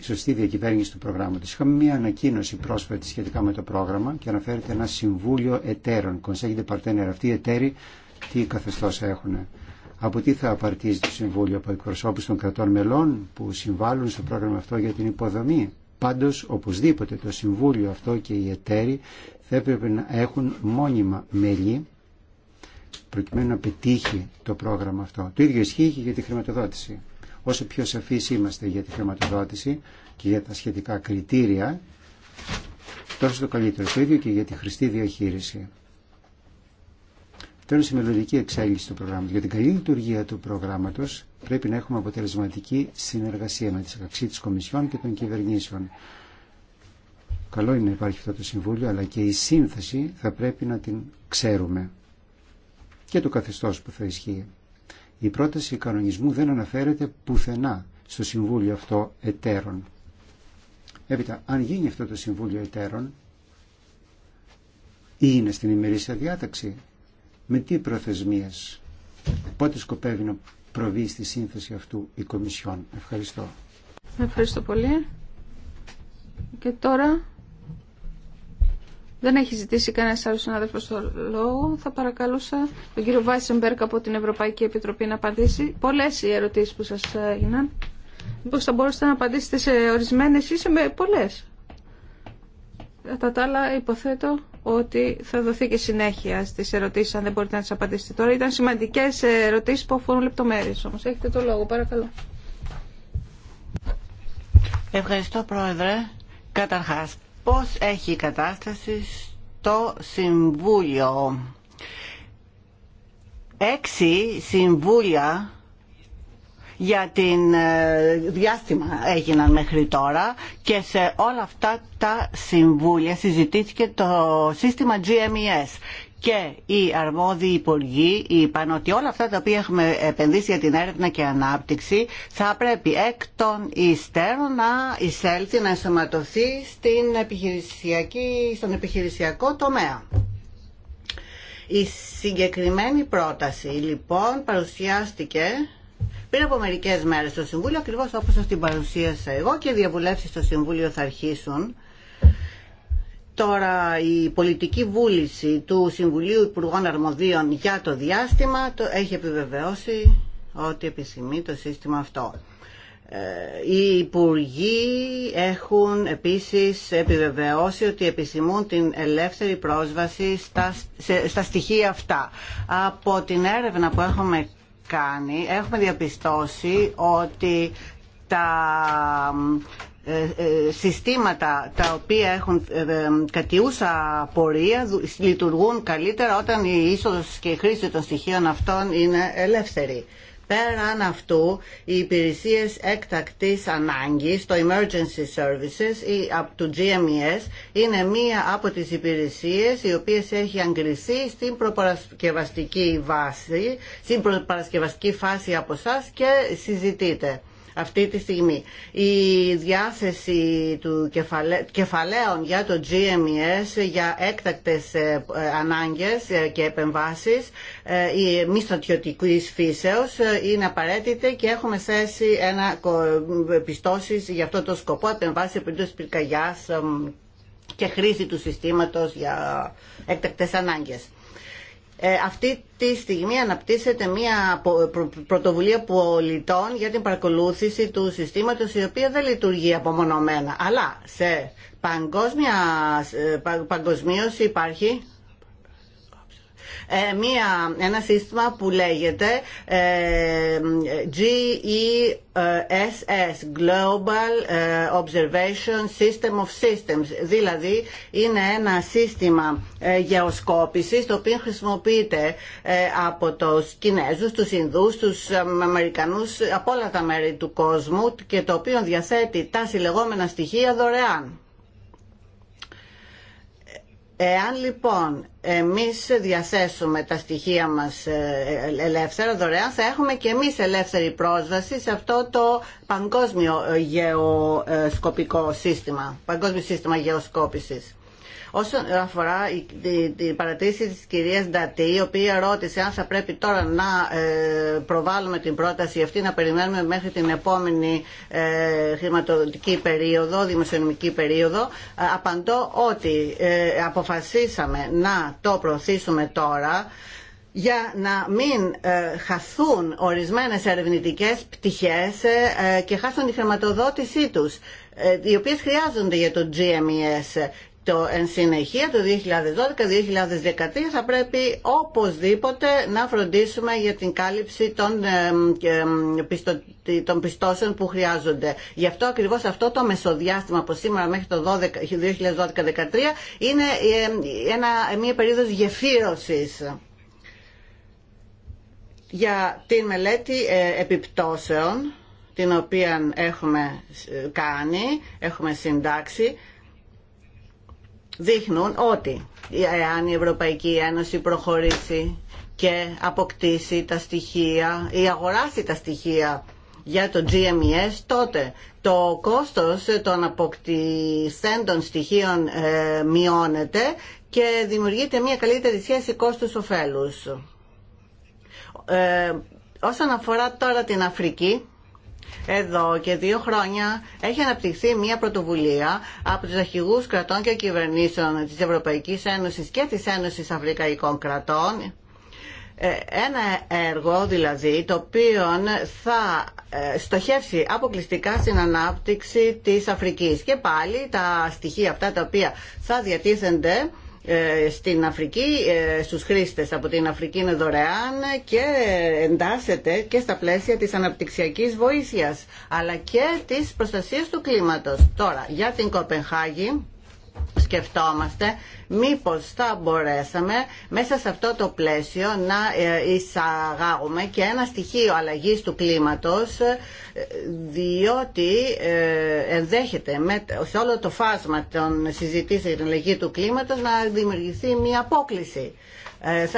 σωστή διακυβέρνηση του προγράμματος. Είχαμε μια ανακοίνωση πρόσφατη σχετικά με το πρόγραμμα και αναφέρεται ένα συμβούλιο εταίρων. Κονσέγγιντε παρτένερ. Αυτοί οι εταίροι τι καθεστώς έχουν. Από τι θα απαρτίζει το Συμβούλιο από εκπροσώπου των κρατών μελών που συμβάλλουν στο πρόγραμμα αυτό για την υποδομή. Πάντως, οπωσδήποτε το Συμβούλιο αυτό και οι εταίροι θα έπρεπε να έχουν μόνιμα μέλη προκειμένου να πετύχει το πρόγραμμα αυτό. Το ίδιο ισχύει και για τη χρηματοδότηση. Όσο πιο σαφεί είμαστε για τη χρηματοδότηση και για τα σχετικά κριτήρια, τόσο το καλύτερο. Το ίδιο και για τη χρηστή διαχείριση. Τέλος, η μελλοντική εξέλιξη του προγράμματο. Για την καλή λειτουργία του προγράμματο πρέπει να έχουμε αποτελεσματική συνεργασία με τις αξίες της Κομισιόν και των κυβερνήσεων. Καλό είναι να υπάρχει αυτό το Συμβούλιο, αλλά και η σύνθεση θα πρέπει να την ξέρουμε και το καθεστώς που θα ισχύει. Η πρόταση κανονισμού δεν αναφέρεται πουθενά στο Συμβούλιο αυτό εταίρων. Έπειτα, αν γίνει αυτό το Συμβούλιο εταίρων, ή είναι στην ημερήσια διάταξη, με τι προθεσμίες, πότε σκοπεύει να προβεί στη σύνθεση αυτού η Κομισιόν. Ευχαριστώ. Ευχαριστώ πολύ. Και τώρα δεν έχει ζητήσει κανένα άλλο συνάδελφο το λόγο. Θα παρακαλούσα τον κύριο Βάισεμπερκ από την Ευρωπαϊκή Επιτροπή να απαντήσει. Πολλέ οι ερωτήσει που σα έγιναν. Μήπω θα μπορούσατε να απαντήσετε σε ορισμένε ή σε πολλέ. Κατά τα άλλα, υποθέτω ότι θα δοθεί και συνέχεια στι ερωτήσει, αν δεν μπορείτε να τι απαντήσετε τώρα. Ήταν σημαντικέ ερωτήσει που αφορούν λεπτομέρειε όμω. Έχετε το λόγο, παρακαλώ. Ευχαριστώ, Πρόεδρε. Καταρχάς, πώς έχει η κατάσταση στο Συμβούλιο. Έξι συμβούλια για την ε, διάστημα έγιναν μέχρι τώρα και σε όλα αυτά τα συμβούλια συζητήθηκε το σύστημα GMES και οι αρμόδιοι υπουργοί είπαν ότι όλα αυτά τα οποία έχουμε επενδύσει για την έρευνα και ανάπτυξη θα πρέπει εκ των υστέρων να εισέλθει, να ενσωματωθεί στην επιχειρησιακή, στον επιχειρησιακό τομέα. Η συγκεκριμένη πρόταση λοιπόν παρουσιάστηκε πριν από μερικές μέρες στο Συμβούλιο ακριβώς όπως σας την παρουσίασα εγώ και οι διαβουλεύσεις στο Συμβούλιο θα αρχίσουν Τώρα η πολιτική βούληση του Συμβουλίου Υπουργών Αρμοδίων για το διάστημα το έχει επιβεβαιώσει ότι επισημεί το σύστημα αυτό. Ε, οι Υπουργοί έχουν επίσης επιβεβαιώσει ότι επισημούν την ελεύθερη πρόσβαση στα, στα στοιχεία αυτά. Από την έρευνα που έχουμε κάνει έχουμε διαπιστώσει ότι τα ε, ε, συστήματα τα οποία έχουν ε, κατιούσα πορεία λειτουργούν καλύτερα όταν η είσοδος και η χρήση των στοιχείων αυτών είναι ελεύθερη. Πέραν αυτού, οι υπηρεσίες έκτακτης ανάγκης, το Emergency Services ή το GMES, είναι μία από τις υπηρεσίες οι οποίες έχει αγκριθεί στην προπαρασκευαστική βάση, στην προπαρασκευαστική φάση από εσά και συζητείτε αυτή τη στιγμή. Η διάθεση του κεφαλαίων για το GMES για έκτακτες ε, ανάγκες ε, και επεμβάσεις ε, η μη στρατιωτικής φύσεως είναι απαραίτητη και έχουμε θέσει ένα πιστώσεις για αυτό το σκοπό επεμβάσεις περίπτωση πυρκαγιάς και χρήση του συστήματος για έκτακτες ανάγκες. Ε, αυτή τη στιγμή αναπτύσσεται μια πρωτοβουλία πολιτών για την παρακολούθηση του συστήματος η οποία δεν λειτουργεί απομονωμένα αλλά σε παγκόσμια, παγκοσμίως υπάρχει ε, μία, ένα σύστημα που λέγεται ε, GESS Global ε, Observation System of Systems δηλαδή είναι ένα σύστημα γεωσκόπησης το οποίο χρησιμοποιείται από τους Κινέζους, τους Ινδούς, τους Αμερικανούς από όλα τα μέρη του κόσμου και το οποίο διαθέτει τα συλλεγόμενα στοιχεία δωρεάν Εάν λοιπόν εμείς διαθέσουμε τα στοιχεία μας ε, ελεύθερα, δωρεάν, θα έχουμε και εμείς ελεύθερη πρόσβαση σε αυτό το παγκόσμιο γεωσκοπικό σύστημα, παγκόσμιο σύστημα γεωσκόπησης. Όσον αφορά την παρατήρηση της κυρίας Ντατή, η οποία ρώτησε αν θα πρέπει τώρα να ε, προβάλλουμε την πρόταση αυτή, να περιμένουμε μέχρι την επόμενη ε, χρηματοδοτική περίοδο, δημοσιονομική περίοδο, ε, απαντώ ότι αποφασίσαμε να το προωθήσουμε τώρα για να μην χαθούν ορισμένες ερευνητικές πτυχές και χάσουν τη χρηματοδότησή τους οι οποίες χρειάζονται για το GMES το εν συνεχεία το 2012-2013 θα πρέπει οπωσδήποτε να φροντίσουμε για την κάλυψη των, ε, ε, των πιστώσεων που χρειάζονται. Γι' αυτό ακριβώς αυτό το μεσοδιάστημα από σήμερα μέχρι το 2012-2013 είναι ε, ένα, μια περίοδος γεφύρωσης για την μελέτη επιπτώσεων την οποία έχουμε κάνει, έχουμε συντάξει δείχνουν ότι εάν η Ευρωπαϊκή Ένωση προχωρήσει και αποκτήσει τα στοιχεία ή αγοράσει τα στοιχεία για το GMES, τότε το κόστος των αποκτησέντων στοιχείων ε, μειώνεται και δημιουργείται μια καλύτερη σχέση κόστους-οφέλους. Ε, όσον αφορά τώρα την Αφρική, εδώ και δύο χρόνια έχει αναπτυχθεί μια πρωτοβουλία από τους αρχηγούς κρατών και κυβερνήσεων της Ευρωπαϊκής Ένωσης και της Ένωσης Αφρικαϊκών Κρατών ε, ένα έργο δηλαδή το οποίο θα ε, στοχεύσει αποκλειστικά στην ανάπτυξη της Αφρικής και πάλι τα στοιχεία αυτά τα οποία θα διατίθενται ε, στην Αφρική, ε, στους χρήστες από την Αφρική είναι δωρεάν και εντάσσεται και στα πλαίσια της αναπτυξιακής βοήθειας αλλά και της προστασίας του κλίματος. Τώρα, για την Κοπενχάγη σκεφτόμαστε μήπως θα μπορέσαμε μέσα σε αυτό το πλαίσιο να ε, εισαγάγουμε και ένα στοιχείο αλλαγής του κλίματος ε, διότι ε, ενδέχεται σε όλο το φάσμα των συζητήσεων για την αλλαγή του κλίματος να δημιουργηθεί μια απόκληση.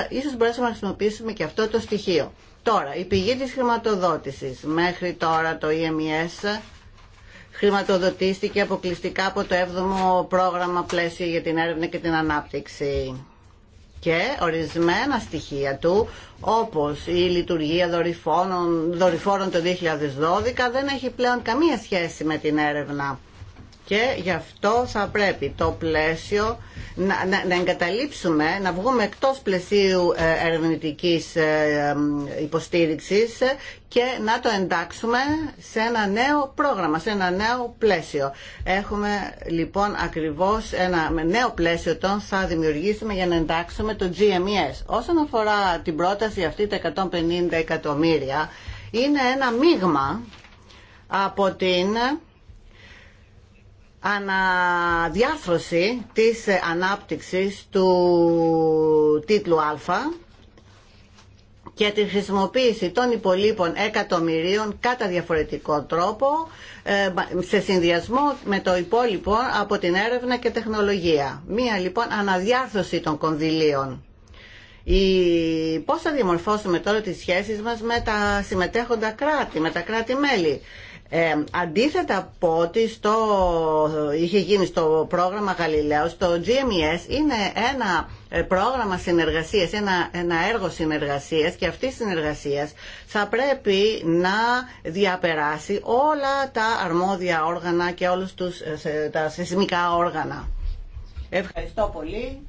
Ίσως μπορέσουμε να χρησιμοποιήσουμε και αυτό το στοιχείο. Τώρα, η πηγή της χρηματοδότησης. Μέχρι τώρα το EMS χρηματοδοτήστηκε αποκλειστικά από το 7ο πρόγραμμα πλαίσιο για την έρευνα και την ανάπτυξη και ορισμένα στοιχεία του όπως η λειτουργία δορυφόρων, δορυφόρων το 2012 δεν έχει πλέον καμία σχέση με την έρευνα. Και γι' αυτό θα πρέπει το πλαίσιο να, να, να εγκαταλείψουμε, να βγούμε εκτός πλαισίου ε, ερευνητικής ε, υποστήριξης και να το εντάξουμε σε ένα νέο πρόγραμμα, σε ένα νέο πλαίσιο. Έχουμε λοιπόν ακριβώς ένα νέο πλαίσιο τον θα δημιουργήσουμε για να εντάξουμε το GMES. Όσον αφορά την πρόταση αυτή τα 150 εκατομμύρια, είναι ένα μείγμα από την αναδιάρθρωση της ανάπτυξης του τίτλου Α και τη χρησιμοποίηση των υπολείπων εκατομμυρίων κατά διαφορετικό τρόπο ε, σε συνδυασμό με το υπόλοιπο από την έρευνα και τεχνολογία. Μία λοιπόν αναδιάρθρωση των κονδυλίων. Η... Πώς θα διαμορφώσουμε τώρα τις σχέσεις μας με τα συμμετέχοντα κράτη, με τα κράτη-μέλη. Ε, αντίθετα από ό,τι στο, είχε γίνει στο πρόγραμμα Γαλιλαίος, το GMES είναι ένα ε, πρόγραμμα συνεργασίας, ένα, ένα έργο συνεργασίας και αυτή η συνεργασία θα πρέπει να διαπεράσει όλα τα αρμόδια όργανα και όλους τους, ε, τα σεισμικά όργανα. Ευχαριστώ πολύ.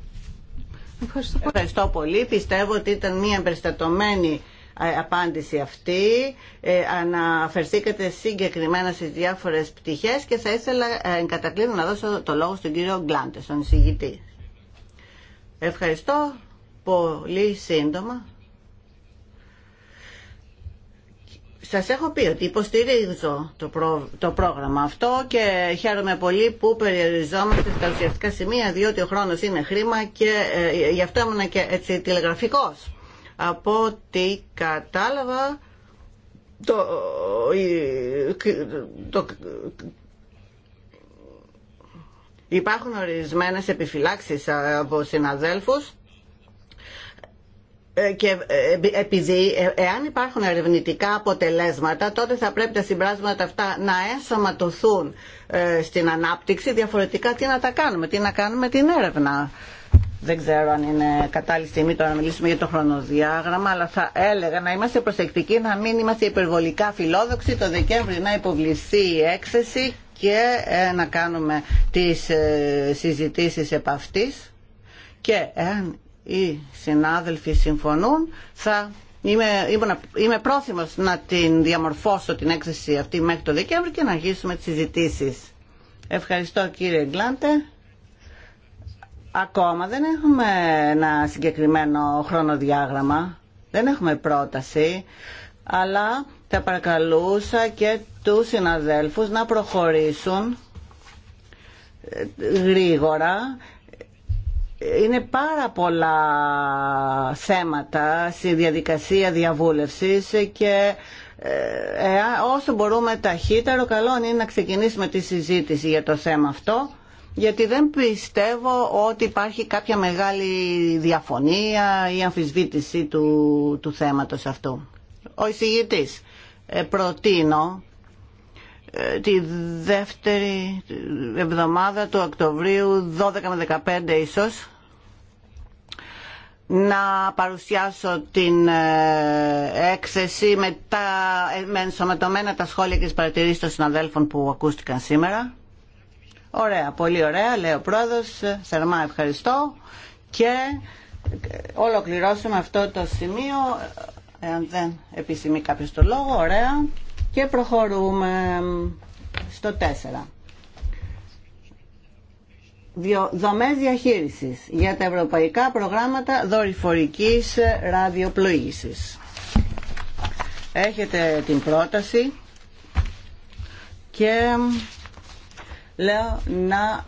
Ευχαριστώ πολύ. Ευχαριστώ πολύ. Πιστεύω ότι ήταν μια εμπεριστατωμένη ε, απάντηση αυτή. Ε, αναφερθήκατε συγκεκριμένα στις διάφορες πτυχές και θα ήθελα ε, κατακλείδω να δώσω το λόγο στον κύριο Γκλάντε, στον εισηγητή. Ευχαριστώ πολύ σύντομα. Σας έχω πει ότι υποστηρίζω το, το πρόγραμμα αυτό και χαίρομαι πολύ που περιοριζόμαστε στα ουσιαστικά σημεία διότι ο χρόνος είναι χρήμα και γι' αυτό ήμουν και έτσι τηλεγραφικός. Από ό,τι κατάλαβα, το, υπάρχουν ορισμένες επιφυλάξεις από συναδέλφους ε, και ε, επειδή ε, εάν υπάρχουν ερευνητικά αποτελέσματα τότε θα πρέπει τα συμπράσματα αυτά να ενσωματωθούν στην ανάπτυξη διαφορετικά τι να τα κάνουμε, τι να κάνουμε την έρευνα δεν ξέρω αν είναι κατάλληλη στιγμή τώρα να μιλήσουμε για το χρονοδιάγραμμα, αλλά θα έλεγα να είμαστε προσεκτικοί, να μην είμαστε υπερβολικά φιλόδοξοι. Το Δεκέμβρη να υποβληθεί η έκθεση και ε, να κάνουμε τις ε, συζητήσεις επ' αυτής. Και εάν οι συνάδελφοι συμφωνούν, θα είμαι, πρόθυμο είμαι πρόθυμος να την διαμορφώσω την έκθεση αυτή μέχρι το Δεκέμβρη και να αρχίσουμε τις συζητήσεις. Ευχαριστώ κύριε Γκλάντε. Ακόμα δεν έχουμε ένα συγκεκριμένο χρονοδιάγραμμα, δεν έχουμε πρόταση, αλλά θα παρακαλούσα και τους συναδέλφους να προχωρήσουν ε, γρήγορα. Είναι πάρα πολλά θέματα στη διαδικασία διαβούλευσης και ε, ε, όσο μπορούμε ταχύτερο καλό είναι να ξεκινήσουμε τη συζήτηση για το θέμα αυτό γιατί δεν πιστεύω ότι υπάρχει κάποια μεγάλη διαφωνία ή αμφισβήτηση του, του θέματος αυτού. Ο εισηγητής ε, προτείνω ε, τη δεύτερη εβδομάδα του Οκτωβρίου 12 με 15 ίσως να παρουσιάσω την ε, έκθεση με, τα, με ενσωματωμένα τα σχόλια και τις παρατηρήσεις των συναδέλφων που ακούστηκαν σήμερα Ωραία, πολύ ωραία, λέει ο πρόεδρος, θερμά ευχαριστώ και ολοκληρώσουμε αυτό το σημείο, εάν δεν επισημεί κάποιος το λόγο, ωραία, και προχωρούμε στο 4. Δομές διαχείρισης για τα ευρωπαϊκά προγράμματα δορυφορικής ραδιοπλοήγησης. Έχετε την πρόταση και λέω να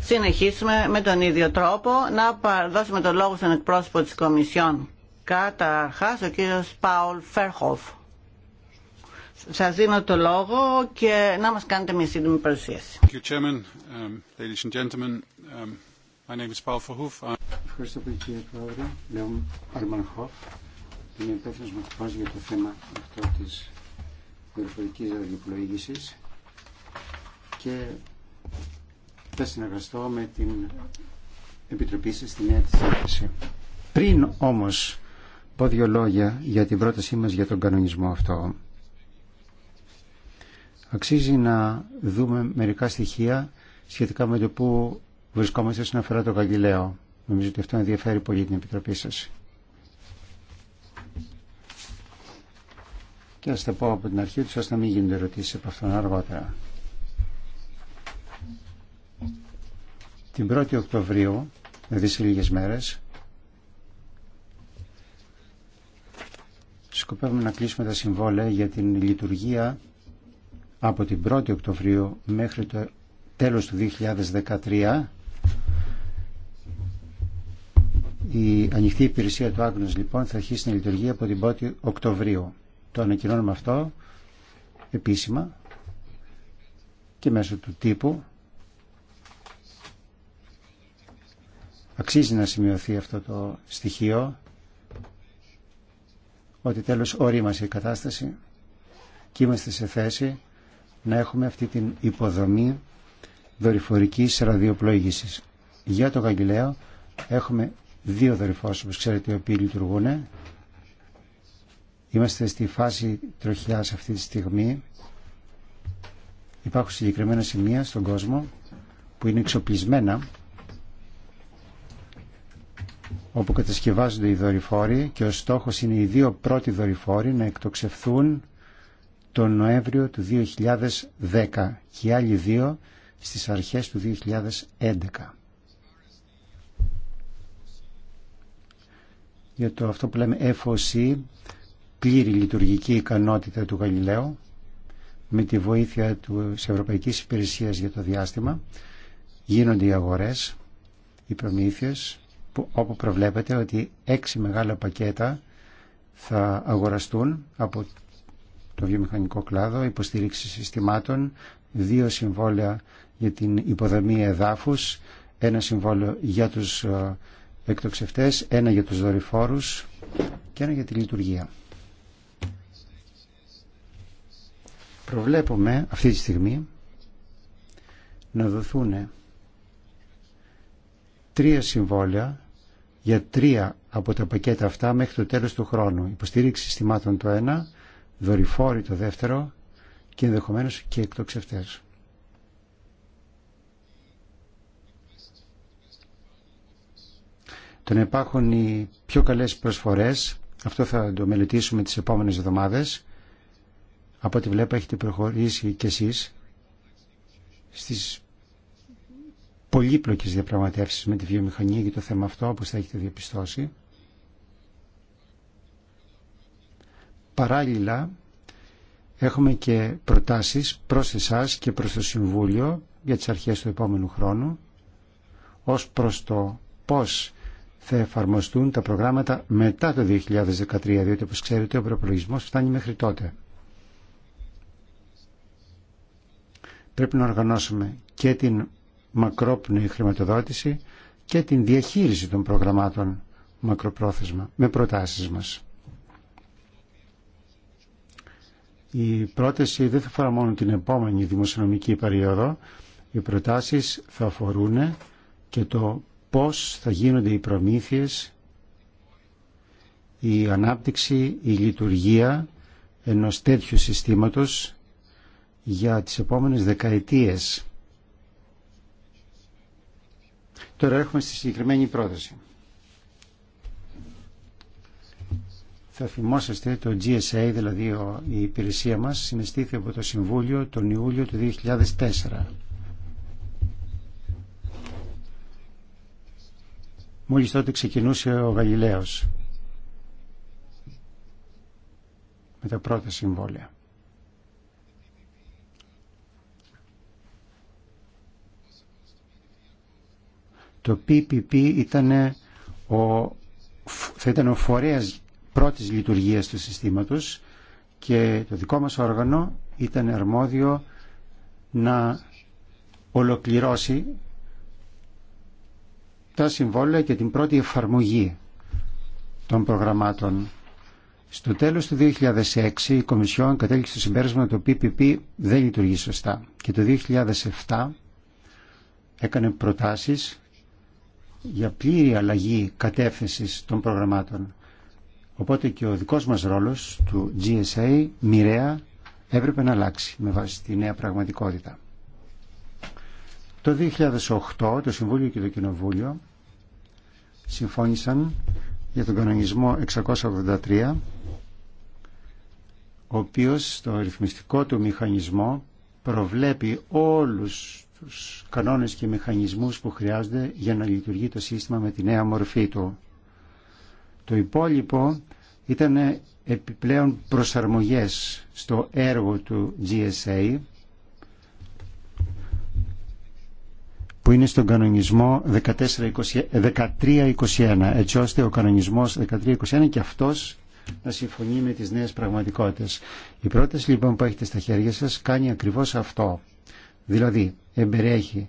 συνεχίσουμε με τον ίδιο τρόπο, να δώσουμε το λόγο στον εκπρόσωπο της Κομισιόν. Καταρχάς, ο κύριος Πάουλ Φέρχοφ. Σας δίνω το λόγο και να μας κάνετε μια σύντομη παρουσίαση. Ευχαριστώ πολύ κύριε Πρόεδρε. Λέω Αλμαν Χοφ. Είμαι υπεύθυνος για το θέμα αυτό της δορυφορικής ραδιοπλοήγησης και θα συνεργαστώ με την Επιτροπή σας στη νέα της Πριν όμως πω δύο λόγια για την πρότασή μας για τον κανονισμό αυτό. Αξίζει να δούμε μερικά στοιχεία σχετικά με το που βρισκόμαστε στην αφορά το Νομίζω ότι αυτό ενδιαφέρει πολύ την Επιτροπή σας. Και ας τα πω από την αρχή τους, ώστε να μην γίνονται ερωτήσεις από αυτόν αργότερα. Την 1η Οκτωβρίου, δηλαδή σε λίγες μέρες, σκοπεύουμε να κλείσουμε τα συμβόλαια για την λειτουργία από την 1η Οκτωβρίου μέχρι το τέλος του 2013 η ανοιχτή υπηρεσία του Άγνος λοιπόν θα αρχίσει να λειτουργεί από την 1η Οκτωβρίου. Το ανακοινώνουμε αυτό επίσημα και μέσω του τύπου Αξίζει να σημειωθεί αυτό το στοιχείο ότι τέλος ορίμασε η κατάσταση και είμαστε σε θέση να έχουμε αυτή την υποδομή δορυφορικής ραδιοπλοήγησης. Για το Καγγελαίο έχουμε δύο δορυφόρους, όπως ξέρετε, οι οποίοι λειτουργούν. Είμαστε στη φάση τροχιάς αυτή τη στιγμή. Υπάρχουν συγκεκριμένα σημεία στον κόσμο που είναι εξοπλισμένα όπου κατασκευάζονται οι δορυφόροι και ο στόχος είναι οι δύο πρώτοι δορυφόροι να εκτοξευθούν τον Νοέμβριο του 2010 και οι άλλοι δύο στις αρχές του 2011. Για το αυτό που λέμε FOC, πλήρη λειτουργική ικανότητα του Γαλιλαίου, με τη βοήθεια της Ευρωπαϊκής Υπηρεσίας για το διάστημα, γίνονται οι αγορές, οι προμήθειες, που, όπου προβλέπετε ότι έξι μεγάλα πακέτα θα αγοραστούν από το βιομηχανικό κλάδο, υποστήριξη συστημάτων, δύο συμβόλαια για την υποδομή εδάφους, ένα συμβόλαιο για τους ε, εκτοξευτές, ένα για τους δορυφόρους και ένα για τη λειτουργία. Προβλέπουμε αυτή τη στιγμή να δοθούν τρία συμβόλαια για τρία από τα πακέτα αυτά μέχρι το τέλος του χρόνου. Υποστήριξη συστημάτων το ένα, δορυφόροι το δεύτερο και ενδεχομένω και εκτοξευτές. Τον να υπάρχουν οι πιο καλές προσφορές, αυτό θα το μελετήσουμε τις επόμενες εβδομάδες. Από ό,τι βλέπω έχετε προχωρήσει κι εσείς στις πολύπλοκες διαπραγματεύσεις με τη βιομηχανία για το θέμα αυτό, όπως θα έχετε διαπιστώσει. Παράλληλα, έχουμε και προτάσεις προς εσάς και προς το Συμβούλιο για τις αρχές του επόμενου χρόνου, ως προς το πώς θα εφαρμοστούν τα προγράμματα μετά το 2013, διότι όπως ξέρετε ο προπολογισμός φτάνει μέχρι τότε. Πρέπει να οργανώσουμε και την μακρόπνοη χρηματοδότηση και την διαχείριση των προγραμμάτων μακροπρόθεσμα με προτάσεις μας. Η πρόταση δεν θα αφορά μόνο την επόμενη δημοσιονομική περίοδο. Οι προτάσεις θα αφορούν και το πώς θα γίνονται οι προμήθειες, η ανάπτυξη, η λειτουργία ενός τέτοιου συστήματος για τις επόμενες δεκαετίες. Τώρα έχουμε στη συγκεκριμένη πρόταση. Θα θυμόσαστε το GSA, δηλαδή η υπηρεσία μας, συναισθήθη από το Συμβούλιο τον Ιούλιο του 2004. Μόλις τότε ξεκινούσε ο Γαλιλαίος με τα πρώτα συμβόλαια. Το PPP ήταν ο, θα ήταν ο φορέας πρώτης λειτουργίας του συστήματος και το δικό μας όργανο ήταν αρμόδιο να ολοκληρώσει τα συμβόλαια και την πρώτη εφαρμογή των προγραμμάτων. Στο τέλος του 2006 η Κομισιόν κατέληξε στο συμπέρασμα ότι το PPP δεν λειτουργεί σωστά και το 2007 έκανε προτάσεις για πλήρη αλλαγή κατεύθυνσης των προγραμμάτων. Οπότε και ο δικός μας ρόλος του GSA μοιραία έπρεπε να αλλάξει με βάση τη νέα πραγματικότητα. Το 2008 το Συμβούλιο και το Κοινοβούλιο συμφώνησαν για τον κανονισμό 683 ο οποίος στο ρυθμιστικό του μηχανισμό προβλέπει όλους τους κανόνες και μηχανισμούς που χρειάζονται για να λειτουργεί το σύστημα με τη νέα μορφή του. Το υπόλοιπο ήταν επιπλέον προσαρμογές στο έργο του GSA που είναι στον κανονισμό 1321 έτσι ώστε ο κανονισμός 1321 και αυτός να συμφωνεί με τις νέες πραγματικότητες. Η πρόταση λοιπόν που έχετε στα χέρια σας κάνει ακριβώς αυτό. Δηλαδή, εμπεριέχει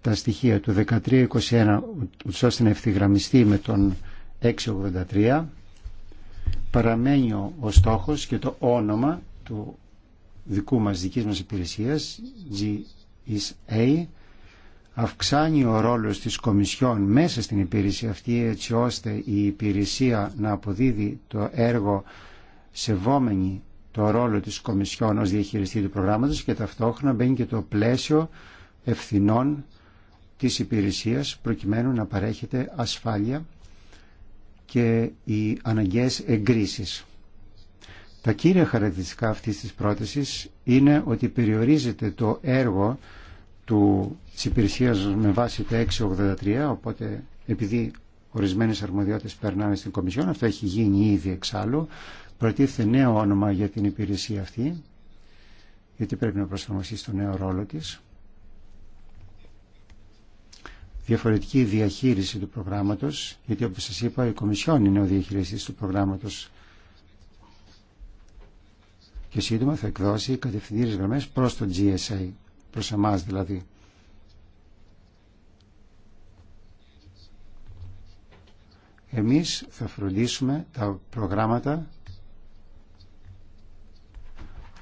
τα στοιχεία του 1321 ώστε να ευθυγραμμιστεί με τον 683 παραμένει ο στόχος και το όνομα του δικού μας δικής μας υπηρεσίας GSA αυξάνει ο ρόλος της Κομισιόν μέσα στην υπηρεσία αυτή έτσι ώστε η υπηρεσία να αποδίδει το έργο σεβόμενη το ρόλο της Κομισιόν ως διαχειριστή του προγράμματος και ταυτόχρονα μπαίνει και το πλαίσιο ευθυνών της υπηρεσίας προκειμένου να παρέχεται ασφάλεια και οι αναγκαίες εγκρίσεις. Τα κύρια χαρακτηριστικά αυτής της πρότασης είναι ότι περιορίζεται το έργο του, της υπηρεσίας με βάση τα 683, οπότε επειδή ορισμένες αρμοδιότητες περνάνε στην Κομισιόν, αυτό έχει γίνει ήδη εξάλλου, προτίθεται νέο όνομα για την υπηρεσία αυτή, γιατί πρέπει να προσαρμοστεί στο νέο ρόλο της. Διαφορετική διαχείριση του προγράμματος, γιατί όπως σας είπα η Κομισιόν είναι ο διαχειριστής του προγράμματος και σύντομα θα εκδώσει κατευθυντήρες γραμμές προς το GSA, προς εμά δηλαδή. Εμείς θα φροντίσουμε τα προγράμματα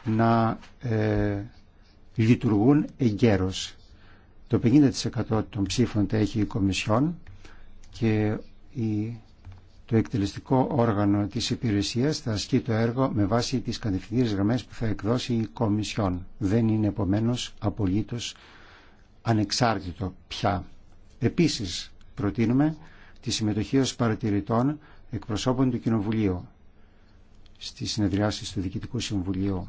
να ε, λειτουργούν εγκαίρως. Το 50% των ψήφων τα έχει η Κομισιόν και το εκτελεστικό όργανο της υπηρεσίας θα ασκεί το έργο με βάση τις κατευθυντήρες γραμμές που θα εκδώσει η Κομισιόν. Δεν είναι επομένως απολύτως ανεξάρτητο πια. Επίσης προτείνουμε τη συμμετοχή ως παρατηρητών εκπροσώπων του Κοινοβουλίου στις συνεδριάσεις του Διοικητικού Συμβουλίου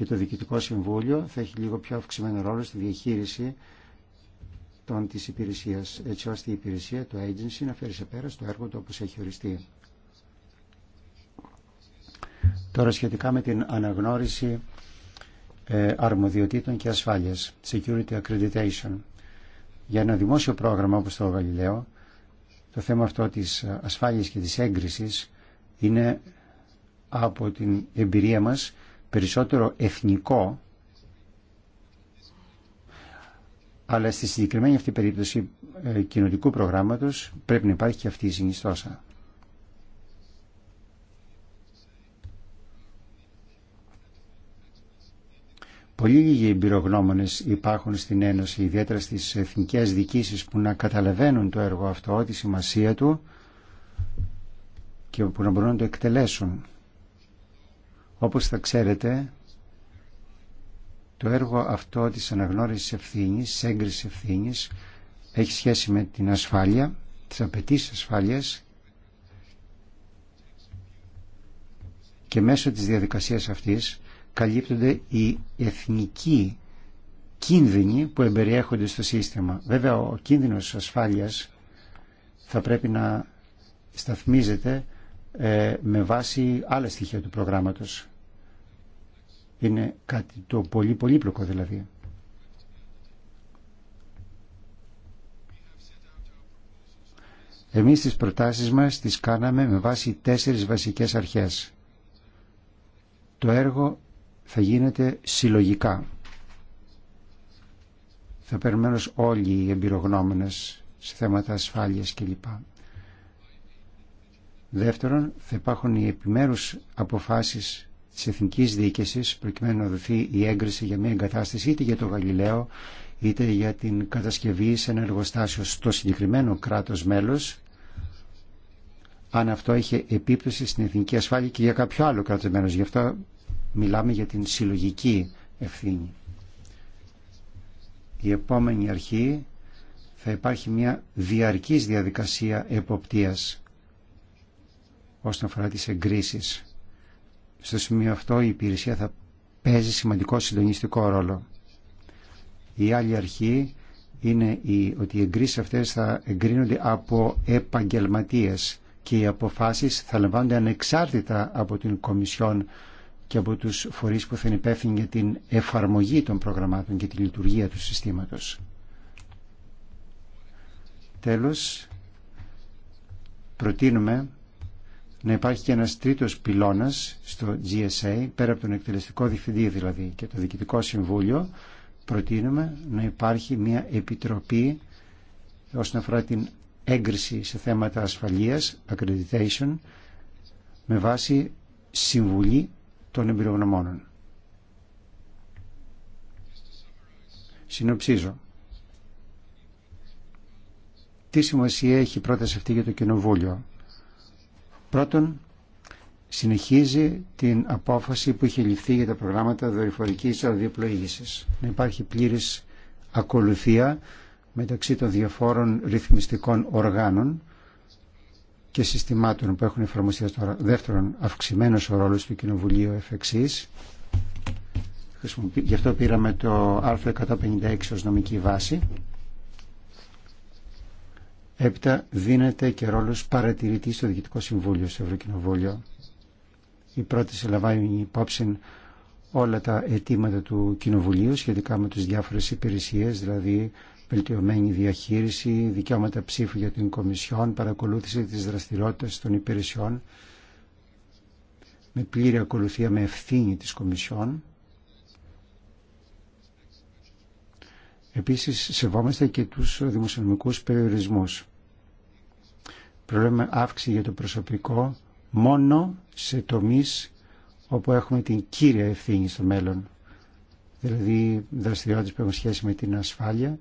και το Διοικητικό Συμβούλιο θα έχει λίγο πιο αυξημένο ρόλο στη διαχείριση των της υπηρεσίας, έτσι ώστε η υπηρεσία, το agency, να φέρει σε πέρα στο έργο του όπως έχει οριστεί. Τώρα σχετικά με την αναγνώριση ε, αρμοδιοτήτων και ασφάλειας, security accreditation. Για ένα δημόσιο πρόγραμμα όπως το Γαλιλαίο, το θέμα αυτό της ε, ασφάλειας και της έγκρισης είναι από την εμπειρία μας περισσότερο εθνικό αλλά στη συγκεκριμένη αυτή περίπτωση ε, κοινωνικού προγράμματος πρέπει να υπάρχει και αυτή η συνιστόσα. Πολύ λίγοι εμπειρογνώμονε υπάρχουν στην Ένωση, ιδιαίτερα στις εθνικές διοικησει που να καταλαβαίνουν το έργο αυτό, τη σημασία του και που να μπορούν να το εκτελέσουν. Όπως θα ξέρετε, το έργο αυτό της αναγνώρισης ευθύνης, έγκρισης ευθύνης, έχει σχέση με την ασφάλεια, τις απαιτήσει ασφάλειας και μέσω της διαδικασίας αυτής καλύπτονται οι εθνικοί κίνδυνοι που εμπεριέχονται στο σύστημα. Βέβαια ο κίνδυνος ασφάλειας θα πρέπει να σταθμίζεται ε, με βάση άλλα στοιχεία του προγράμματος. Είναι κάτι το πολύ πολύπλοκο δηλαδή. Εμείς τις προτάσεις μας τις κάναμε με βάση τέσσερις βασικές αρχές. Το έργο θα γίνεται συλλογικά. Θα περιμένουν όλοι οι εμπειρογνώμονες σε θέματα ασφάλειας κλπ. Δεύτερον, θα υπάρχουν οι επιμέρους αποφάσεις Τη Εθνικής Διοίκησης προκειμένου να δοθεί η έγκριση για μια εγκατάσταση είτε για το Γαλιλαίο είτε για την κατασκευή σε ένα εργοστάσιο στο συγκεκριμένο κράτος μέλος αν αυτό είχε επίπτωση στην εθνική ασφάλεια και για κάποιο άλλο κράτος μέλος. Γι' αυτό μιλάμε για την συλλογική ευθύνη. Η επόμενη αρχή θα υπάρχει μια διαρκής διαδικασία εποπτείας όσον αφορά τις εγκρίσεις. Στο σημείο αυτό η υπηρεσία θα παίζει σημαντικό συντονιστικό ρόλο. Η άλλη αρχή είναι η, ότι οι εγκρίσεις αυτές θα εγκρίνονται από επαγγελματίες και οι αποφάσεις θα λαμβάνονται ανεξάρτητα από την Κομισιόν και από τους φορείς που θα είναι υπεύθυνοι για την εφαρμογή των προγραμμάτων και τη λειτουργία του συστήματος. Τέλος, προτείνουμε να υπάρχει και ένας τρίτος πυλώνας στο GSA, πέρα από τον εκτελεστικό διευθυντή δηλαδή και το διοικητικό συμβούλιο, προτείνουμε να υπάρχει μια επιτροπή όσον αφορά την έγκριση σε θέματα ασφαλείας, accreditation, με βάση συμβουλή των εμπειρογνωμόνων. Συνοψίζω. Τι σημασία έχει η πρόταση αυτή για το Κοινοβούλιο. Πρώτον, συνεχίζει την απόφαση που είχε ληφθεί για τα προγράμματα δορυφορικής αδειοπλοήγησης. Να υπάρχει πλήρης ακολουθία μεταξύ των διαφόρων ρυθμιστικών οργάνων και συστημάτων που έχουν εφαρμοστεί τώρα. Δεύτερον, αυξημένος ο ρόλος του Κοινοβουλίου ΕΦΕΞΗΣ. Γι' αυτό πήραμε το άρθρο 156 ως νομική βάση Έπειτα δίνεται και ρόλος παρατηρητή στο Διοικητικό Συμβούλιο, στο Ευρωκοινοβούλιο. Η πρώτη λαμβάνει υπόψη όλα τα αιτήματα του Κοινοβουλίου σχετικά με τις διάφορες υπηρεσίες, δηλαδή βελτιωμένη διαχείριση, δικαιώματα ψήφου για την Κομισιόν, παρακολούθηση της δραστηριότητας των υπηρεσιών, με πλήρη ακολουθία με ευθύνη της Κομισιόν. Επίσης, σεβόμαστε και τους δημοσιονομικούς περιορισμούς προβλήμα αύξηση για το προσωπικό μόνο σε τομείς όπου έχουμε την κύρια ευθύνη στο μέλλον. Δηλαδή δραστηριότητες που έχουν σχέση με την ασφάλεια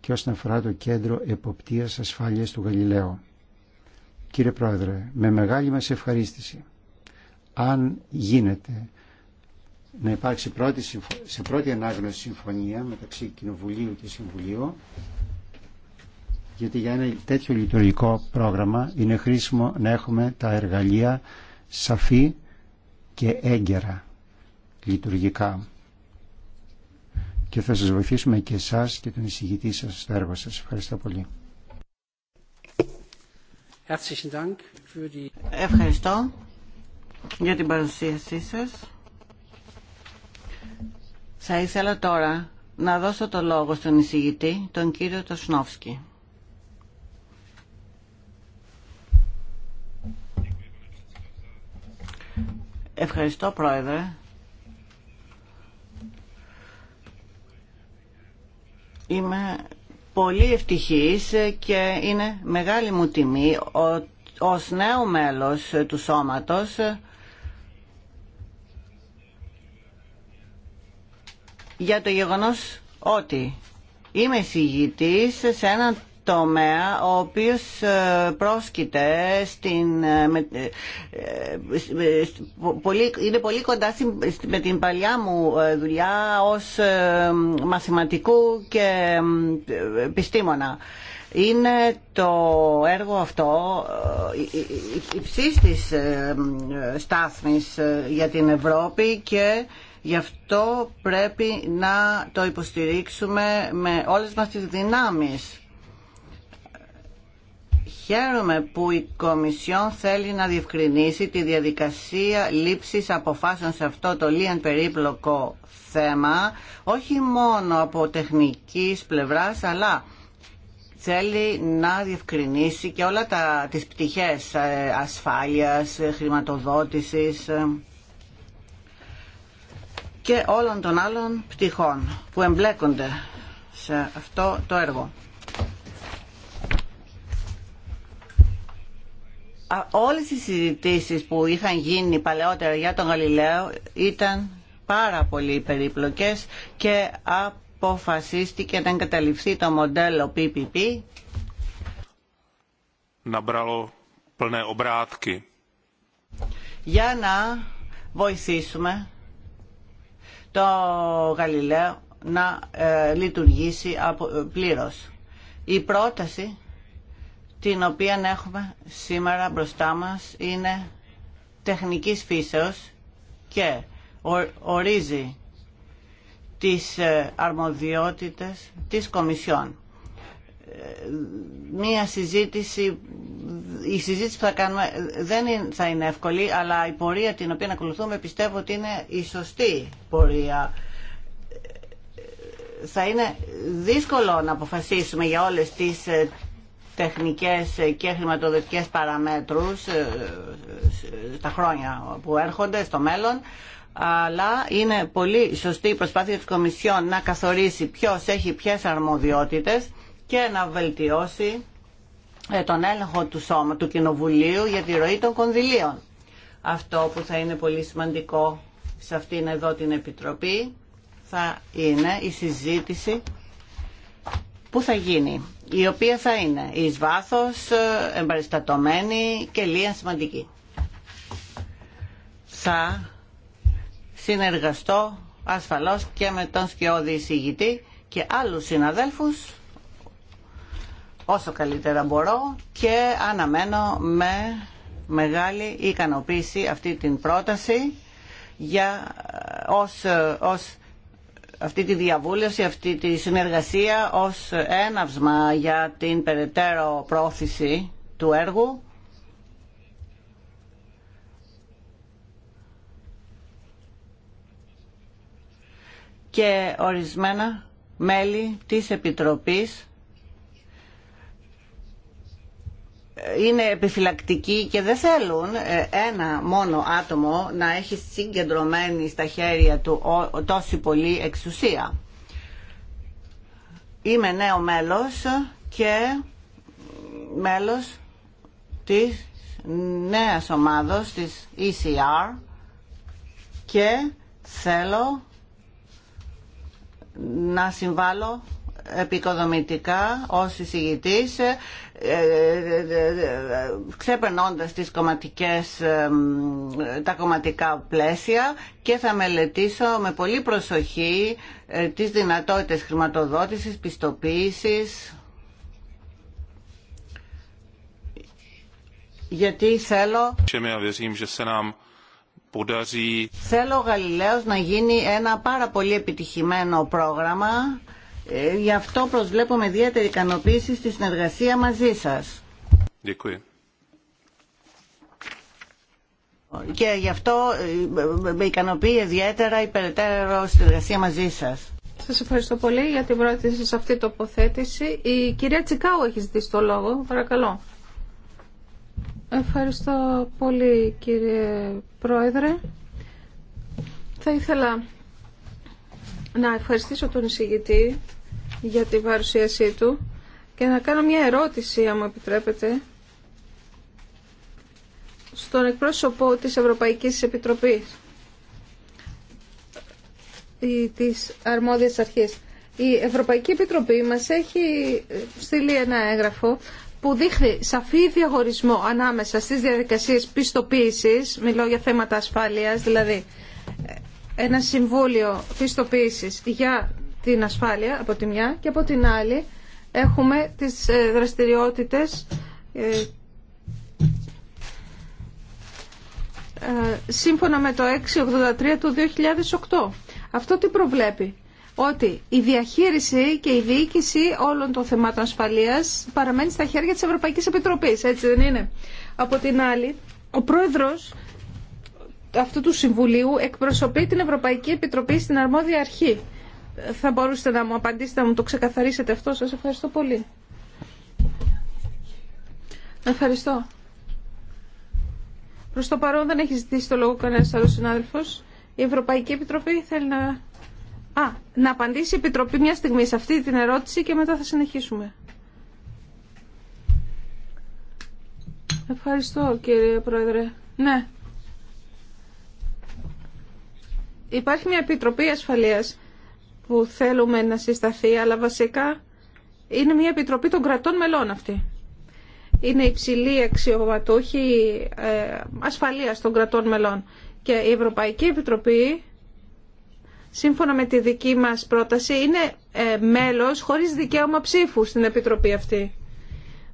και όσον αφορά το κέντρο εποπτείας ασφάλειας του Γαλιλαίου. Κύριε Πρόεδρε, με μεγάλη μας ευχαρίστηση, αν γίνεται να υπάρξει πρώτη, σε πρώτη ανάγνωση συμφωνία μεταξύ Κοινοβουλίου και Συμβουλίου γιατί για ένα τέτοιο λειτουργικό πρόγραμμα είναι χρήσιμο να έχουμε τα εργαλεία σαφή και έγκαιρα λειτουργικά. Και θα σας βοηθήσουμε και εσάς και τον εισηγητή σας στο έργο σας. Ευχαριστώ πολύ. Ευχαριστώ για την παρουσίασή σας. Θα ήθελα τώρα να δώσω το λόγο στον εισηγητή, τον κύριο Τοσνόφσκι. Ευχαριστώ Πρόεδρε. Είμαι πολύ ευτυχής και είναι μεγάλη μου τιμή ως νέο μέλος του σώματος για το γεγονός ότι είμαι συγητής σε έναν τομέα ο οποίος ε, πρόσκειται στην, ε, ε, πολύ, είναι πολύ κοντά με την παλιά μου δουλειά ως μαθηματικού και επιστήμονα. Είναι το έργο αυτό της στάθμης για την Ευρώπη και Γι' αυτό πρέπει να το υποστηρίξουμε με όλες μας τις δυνάμεις. Χαίρομαι που η Κομισιόν θέλει να διευκρινίσει τη διαδικασία λήψης αποφάσεων σε αυτό το λίαν περίπλοκο θέμα, όχι μόνο από τεχνικής πλευράς, αλλά θέλει να διευκρινίσει και όλα τα, τις πτυχές ε, ασφάλειας, ε, χρηματοδότησης ε, και όλων των άλλων πτυχών που εμπλέκονται σε αυτό το έργο. όλες οι συζητήσεις που είχαν γίνει παλαιότερα για τον Γαλιλαίο ήταν πάρα πολύ περίπλοκες και αποφασίστηκε να εγκαταλειφθεί το μοντέλο PPP. Για να βοηθήσουμε το Γαλιλαίο να ε, λειτουργήσει ε, πλήρως. Η πρόταση την οποία έχουμε σήμερα μπροστά μας είναι τεχνικής φύσεως και ορίζει τις ε, αρμοδιότητες της Κομισιόν. Ε, μία συζήτηση, η συζήτηση που θα κάνουμε δεν θα είναι εύκολη, αλλά η πορεία την οποία ακολουθούμε πιστεύω ότι είναι η σωστή πορεία. Ε, θα είναι δύσκολο να αποφασίσουμε για όλες τις τεχνικές και χρηματοδοτικές παραμέτρους ε, ε, στα χρόνια που έρχονται, στο μέλλον, αλλά είναι πολύ σωστή η προσπάθεια της Κομισιόν να καθορίσει ποιος έχει ποιες αρμοδιότητες και να βελτιώσει ε, τον έλεγχο του σώμα του Κοινοβουλίου για τη ροή των κονδυλίων. Αυτό που θα είναι πολύ σημαντικό σε αυτήν εδώ την Επιτροπή θα είναι η συζήτηση που θα γίνει, η οποία θα είναι εις βάθος, ε, εμπαριστατωμένη και λίγα σημαντική. Θα συνεργαστώ ασφαλώς και με τον σκιώδη εισηγητή και άλλους συναδέλφους όσο καλύτερα μπορώ και αναμένω με μεγάλη ικανοποίηση αυτή την πρόταση για, ε, ως, ε, ως αυτή τη διαβούλευση, αυτή τη συνεργασία ως έναυσμα για την περαιτέρω πρόθεση του έργου. και ορισμένα μέλη της Επιτροπής είναι επιφυλακτικοί και δεν θέλουν ε, ένα μόνο άτομο να έχει συγκεντρωμένη στα χέρια του τόση πολύ εξουσία. Είμαι νέο μέλος και μέλος της νέας ομάδος της ECR και θέλω να συμβάλλω επικοδομητικά ως εισηγητής ξεπερνώντας τις κομματικές, τα κομματικά πλαίσια και θα μελετήσω με πολύ προσοχή ε, τις δυνατότητες χρηματοδότησης, πιστοποίησης γιατί θέλω Θέλω ο Γαλιλαίος να γίνει ένα πάρα πολύ επιτυχημένο πρόγραμμα ε, γι' αυτό προσβλέπω με ιδιαίτερη ικανοποίηση στη συνεργασία μαζί σας. Και γι' αυτό ε, με ικανοποιεί ιδιαίτερα η περαιτέρω συνεργασία μαζί σας. Σας ευχαριστώ πολύ για την πρώτη σε αυτή τοποθέτηση. Η κυρία Τσικάου έχει ζητήσει το λόγο. Παρακαλώ. Ευχαριστώ πολύ κύριε Πρόεδρε. Θα ήθελα να ευχαριστήσω τον εισηγητή για την παρουσίασή του και να κάνω μια ερώτηση, αν μου επιτρέπετε, στον εκπρόσωπο της Ευρωπαϊκής Επιτροπής ή της αρμόδιας αρχής. Η Ευρωπαϊκή Επιτροπή μας έχει στείλει ένα έγγραφο που δείχνει σαφή διαχωρισμό ανάμεσα στις διαδικασίες πιστοποίησης, μιλώ για θέματα ασφάλειας, δηλαδή ε, ένα συμβούλιο πιστοποίησης για την ασφάλεια από τη μια και από την άλλη έχουμε τις ε, δραστηριότητες ε, ε, σύμφωνα με το 683 του 2008. Αυτό τι προβλέπει. Ότι η διαχείριση και η διοίκηση όλων των θεμάτων ασφαλείας παραμένει στα χέρια της Ευρωπαϊκής Επιτροπής. Έτσι δεν είναι. Από την άλλη, ο πρόεδρος αυτού του Συμβουλίου εκπροσωπεί την Ευρωπαϊκή Επιτροπή στην αρμόδια αρχή θα μπορούσατε να μου απαντήσετε, να μου το ξεκαθαρίσετε αυτό. Σας ευχαριστώ πολύ. Ευχαριστώ. Προς το παρόν δεν έχει ζητήσει το λόγο κανένας άλλος συνάδελφος. Η Ευρωπαϊκή Επιτροπή θέλει να... Α, να απαντήσει η Επιτροπή μια στιγμή σε αυτή την ερώτηση και μετά θα συνεχίσουμε. Ευχαριστώ κύριε Πρόεδρε. Ναι. Υπάρχει μια Επιτροπή Ασφαλείας που θέλουμε να συσταθεί, αλλά βασικά είναι μια επιτροπή των κρατών μελών αυτή. Είναι υψηλή αξιωματούχη ε, ασφαλείας των κρατών μελών. Και η Ευρωπαϊκή Επιτροπή, σύμφωνα με τη δική μας πρόταση, είναι ε, μέλος χωρίς δικαίωμα ψήφου στην Επιτροπή αυτή.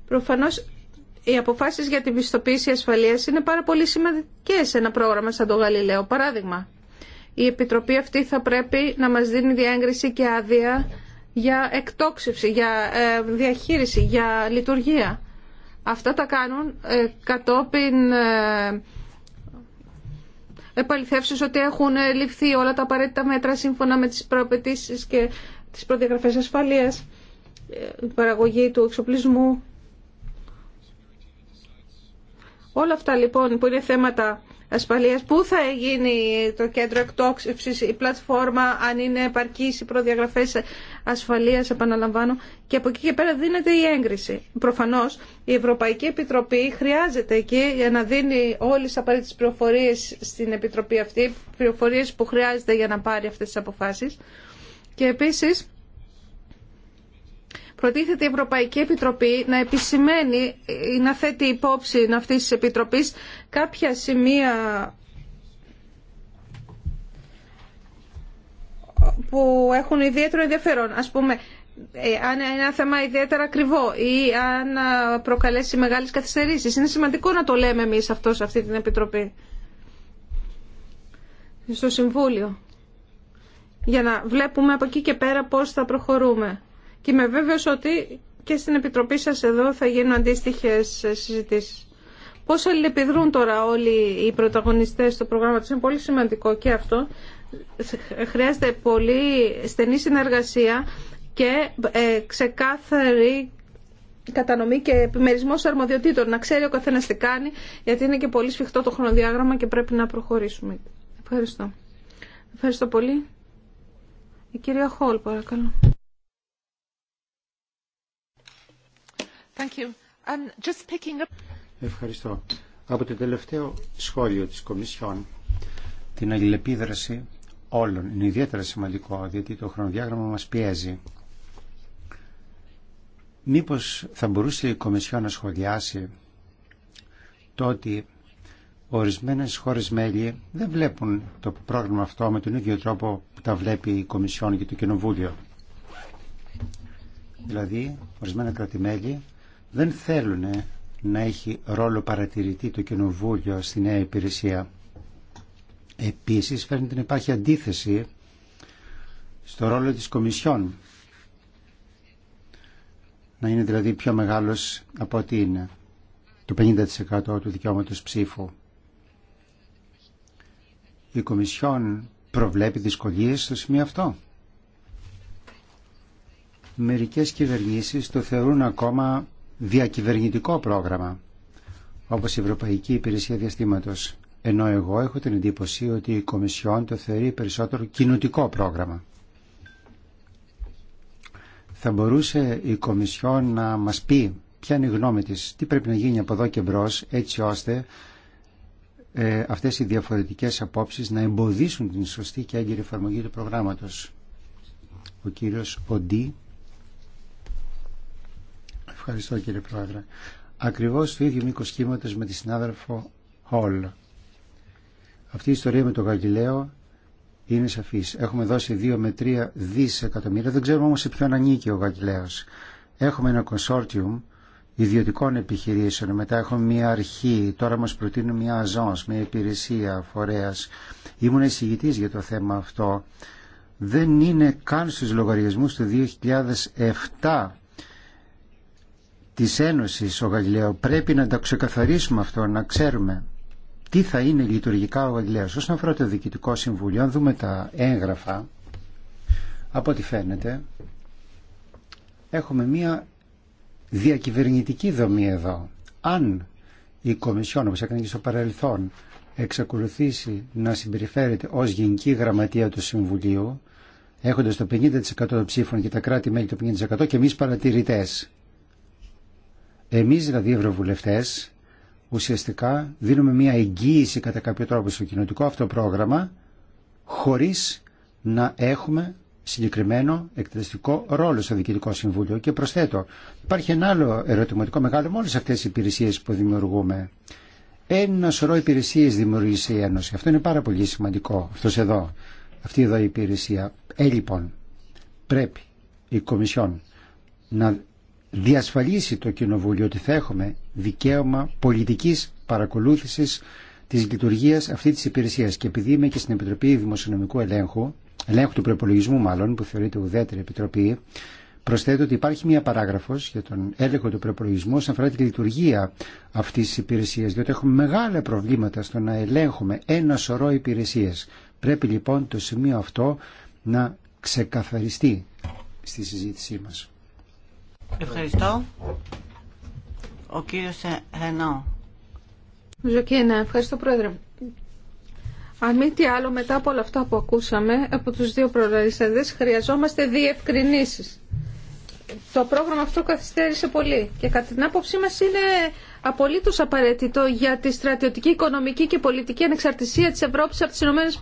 Προφανώς οι αποφάσεις για την πιστοποίηση ασφαλείας είναι πάρα πολύ σημαντικές σε ένα πρόγραμμα σαν το Γαλιλαίο. Παράδειγμα, η Επιτροπή αυτή θα πρέπει να μας δίνει διέγκριση και άδεια για εκτόξευση, για ε, διαχείριση, για λειτουργία. Αυτά τα κάνουν ε, κατόπιν ε, επαληθεύσεις ότι έχουν ληφθεί όλα τα απαραίτητα μέτρα σύμφωνα με τις προαπαιτήσεις και τις προδιαγραφές ασφαλείας, την παραγωγή του εξοπλισμού. Όλα αυτά λοιπόν που είναι θέματα ασφαλείας. Πού θα γίνει το κέντρο εκτόξευσης, η πλατφόρμα, αν είναι επαρκής οι προδιαγραφές ασφαλείας, επαναλαμβάνω. Και από εκεί και πέρα δίνεται η έγκριση. Προφανώς η Ευρωπαϊκή Επιτροπή χρειάζεται εκεί για να δίνει όλες τις απαραίτητες πληροφορίες στην Επιτροπή αυτή, πληροφορίες που χρειάζεται για να πάρει αυτές τις αποφάσεις. Και επίσης προτίθεται η Ευρωπαϊκή Επιτροπή να επισημαίνει ή να θέτει υπόψη αυτής της Επιτροπής κάποια σημεία που έχουν ιδιαίτερο ενδιαφέρον. Ας πούμε, ε, αν είναι ένα θέμα ιδιαίτερα ακριβό ή αν προκαλέσει μεγάλες καθυστερήσεις. Είναι σημαντικό να το λέμε εμείς αυτό σε αυτή την Επιτροπή. Στο Συμβούλιο. Για να βλέπουμε από εκεί και πέρα πώς θα προχωρούμε. Και είμαι βέβαιος ότι και στην Επιτροπή σας εδώ θα γίνουν αντίστοιχες συζητήσεις. Πώς αλληλεπιδρούν τώρα όλοι οι πρωταγωνιστές του τους. είναι πολύ σημαντικό και αυτό. Χρειάζεται πολύ στενή συνεργασία και ε, ξεκάθαρη κατανομή και επιμερισμό αρμοδιοτήτων. Να ξέρει ο καθένα τι κάνει, γιατί είναι και πολύ σφιχτό το χρονοδιάγραμμα και πρέπει να προχωρήσουμε. Ευχαριστώ. Ευχαριστώ πολύ. Η κυρία Χολ, παρακαλώ. Ευχαριστώ. Από το τελευταίο σχόλιο της Κομισιόν, την αλληλεπίδραση όλων είναι ιδιαίτερα σημαντικό, διότι το χρονοδιάγραμμα μας πιέζει. Μήπως θα μπορούσε η Κομισιόν να σχολιάσει το ότι ορισμένες χώρες μέλη δεν βλέπουν το πρόγραμμα αυτό με τον ίδιο τρόπο που τα βλέπει η Κομισιόν και το Κοινοβούλιο. Δηλαδή, ορισμένα κράτη-μέλη δεν θέλουν να έχει ρόλο παρατηρητή το Κοινοβούλιο στη νέα υπηρεσία. Επίσης φαίνεται να υπάρχει αντίθεση στο ρόλο της Κομισιόν. Να είναι δηλαδή πιο μεγάλος από ότι είναι το 50% του δικαιώματος ψήφου. Η Κομισιόν προβλέπει δυσκολίες στο σημείο αυτό. Μερικές κυβερνήσεις το θεωρούν ακόμα διακυβερνητικό πρόγραμμα όπως η Ευρωπαϊκή Υπηρεσία Διαστήματος ενώ εγώ έχω την εντύπωση ότι η Κομισιόν το θεωρεί περισσότερο κοινοτικό πρόγραμμα. Θα μπορούσε η Κομισιόν να μας πει ποια είναι η γνώμη της, τι πρέπει να γίνει από εδώ και μπρος έτσι ώστε ε, αυτές οι διαφορετικές απόψεις να εμποδίσουν την σωστή και έγκυρη εφαρμογή του προγράμματος. Ο κύριος Οντί Ευχαριστώ κύριε Πρόεδρε. Ακριβώς το ίδιο μήκο κύματο με τη συνάδελφο Χολ. Αυτή η ιστορία με τον Γαγγιλέο είναι σαφής. Έχουμε δώσει 2 με 3 δισεκατομμύρια, δεν ξέρουμε όμως σε ποιον ανήκει ο Γαγγελέο. Έχουμε ένα κονσόρτιουμ ιδιωτικών επιχειρήσεων, μετά έχουμε μια αρχή, τώρα μας προτείνουν μια αζόνς, μια υπηρεσία φορέας. Ήμουν εισηγητής για το θέμα αυτό. Δεν είναι καν στους λογαριασμούς του 2007 της Ένωσης ο Γαλιλαίο. Πρέπει να τα ξεκαθαρίσουμε αυτό, να ξέρουμε τι θα είναι λειτουργικά ο Γαλιλαίος. Όσον αφορά το Διοικητικό Συμβούλιο, αν δούμε τα έγγραφα, από ό,τι φαίνεται, έχουμε μία διακυβερνητική δομή εδώ. Αν η Κομισιόν, όπως έκανε και στο παρελθόν, εξακολουθήσει να συμπεριφέρεται ως Γενική Γραμματεία του Συμβουλίου, έχοντας το 50% των ψήφων και τα κράτη-μέλη το 50% και εμείς παρατηρητές. Εμείς δηλαδή ευρωβουλευτές ουσιαστικά δίνουμε μια εγγύηση κατά κάποιο τρόπο στο κοινωτικό αυτό πρόγραμμα χωρίς να έχουμε συγκεκριμένο εκτελεστικό ρόλο στο Διοικητικό Συμβούλιο. Και προσθέτω, υπάρχει ένα άλλο ερωτηματικό μεγάλο με όλε αυτέ τι υπηρεσίε που δημιουργούμε. Ένα σωρό υπηρεσίε δημιουργήσε η Ένωση. Αυτό είναι πάρα πολύ σημαντικό. Αυτό εδώ, αυτή εδώ η υπηρεσία. Ε, λοιπόν, πρέπει η Κομισιόν να διασφαλίσει το Κοινοβούλιο ότι θα έχουμε δικαίωμα πολιτικής παρακολούθησης της λειτουργίας αυτή της υπηρεσίας. Και επειδή είμαι και στην Επιτροπή Δημοσιονομικού Ελέγχου, ελέγχου του προπολογισμού μάλλον, που θεωρείται ουδέτερη επιτροπή, προσθέτω ότι υπάρχει μία παράγραφο για τον έλεγχο του προπολογισμού όσον αφορά τη λειτουργία αυτή τη Υπηρεσία, διότι έχουμε μεγάλα προβλήματα στο να ελέγχουμε ένα σωρό υπηρεσίες. Πρέπει λοιπόν το σημείο αυτό να ξεκαθαριστεί στη συζήτησή μας. Ευχαριστώ. Ο κύριος Ρενό. Ζωκίνα, ευχαριστώ πρόεδρε. Αν μη τι άλλο, μετά από όλα αυτά που ακούσαμε από τους δύο προλαλήσαντες, χρειαζόμαστε διευκρινήσεις. Το πρόγραμμα αυτό καθυστέρησε πολύ και κατά την άποψή μας είναι απολύτως απαραίτητο για τη στρατιωτική, οικονομική και πολιτική ανεξαρτησία της Ευρώπης από τις Ηνωμένες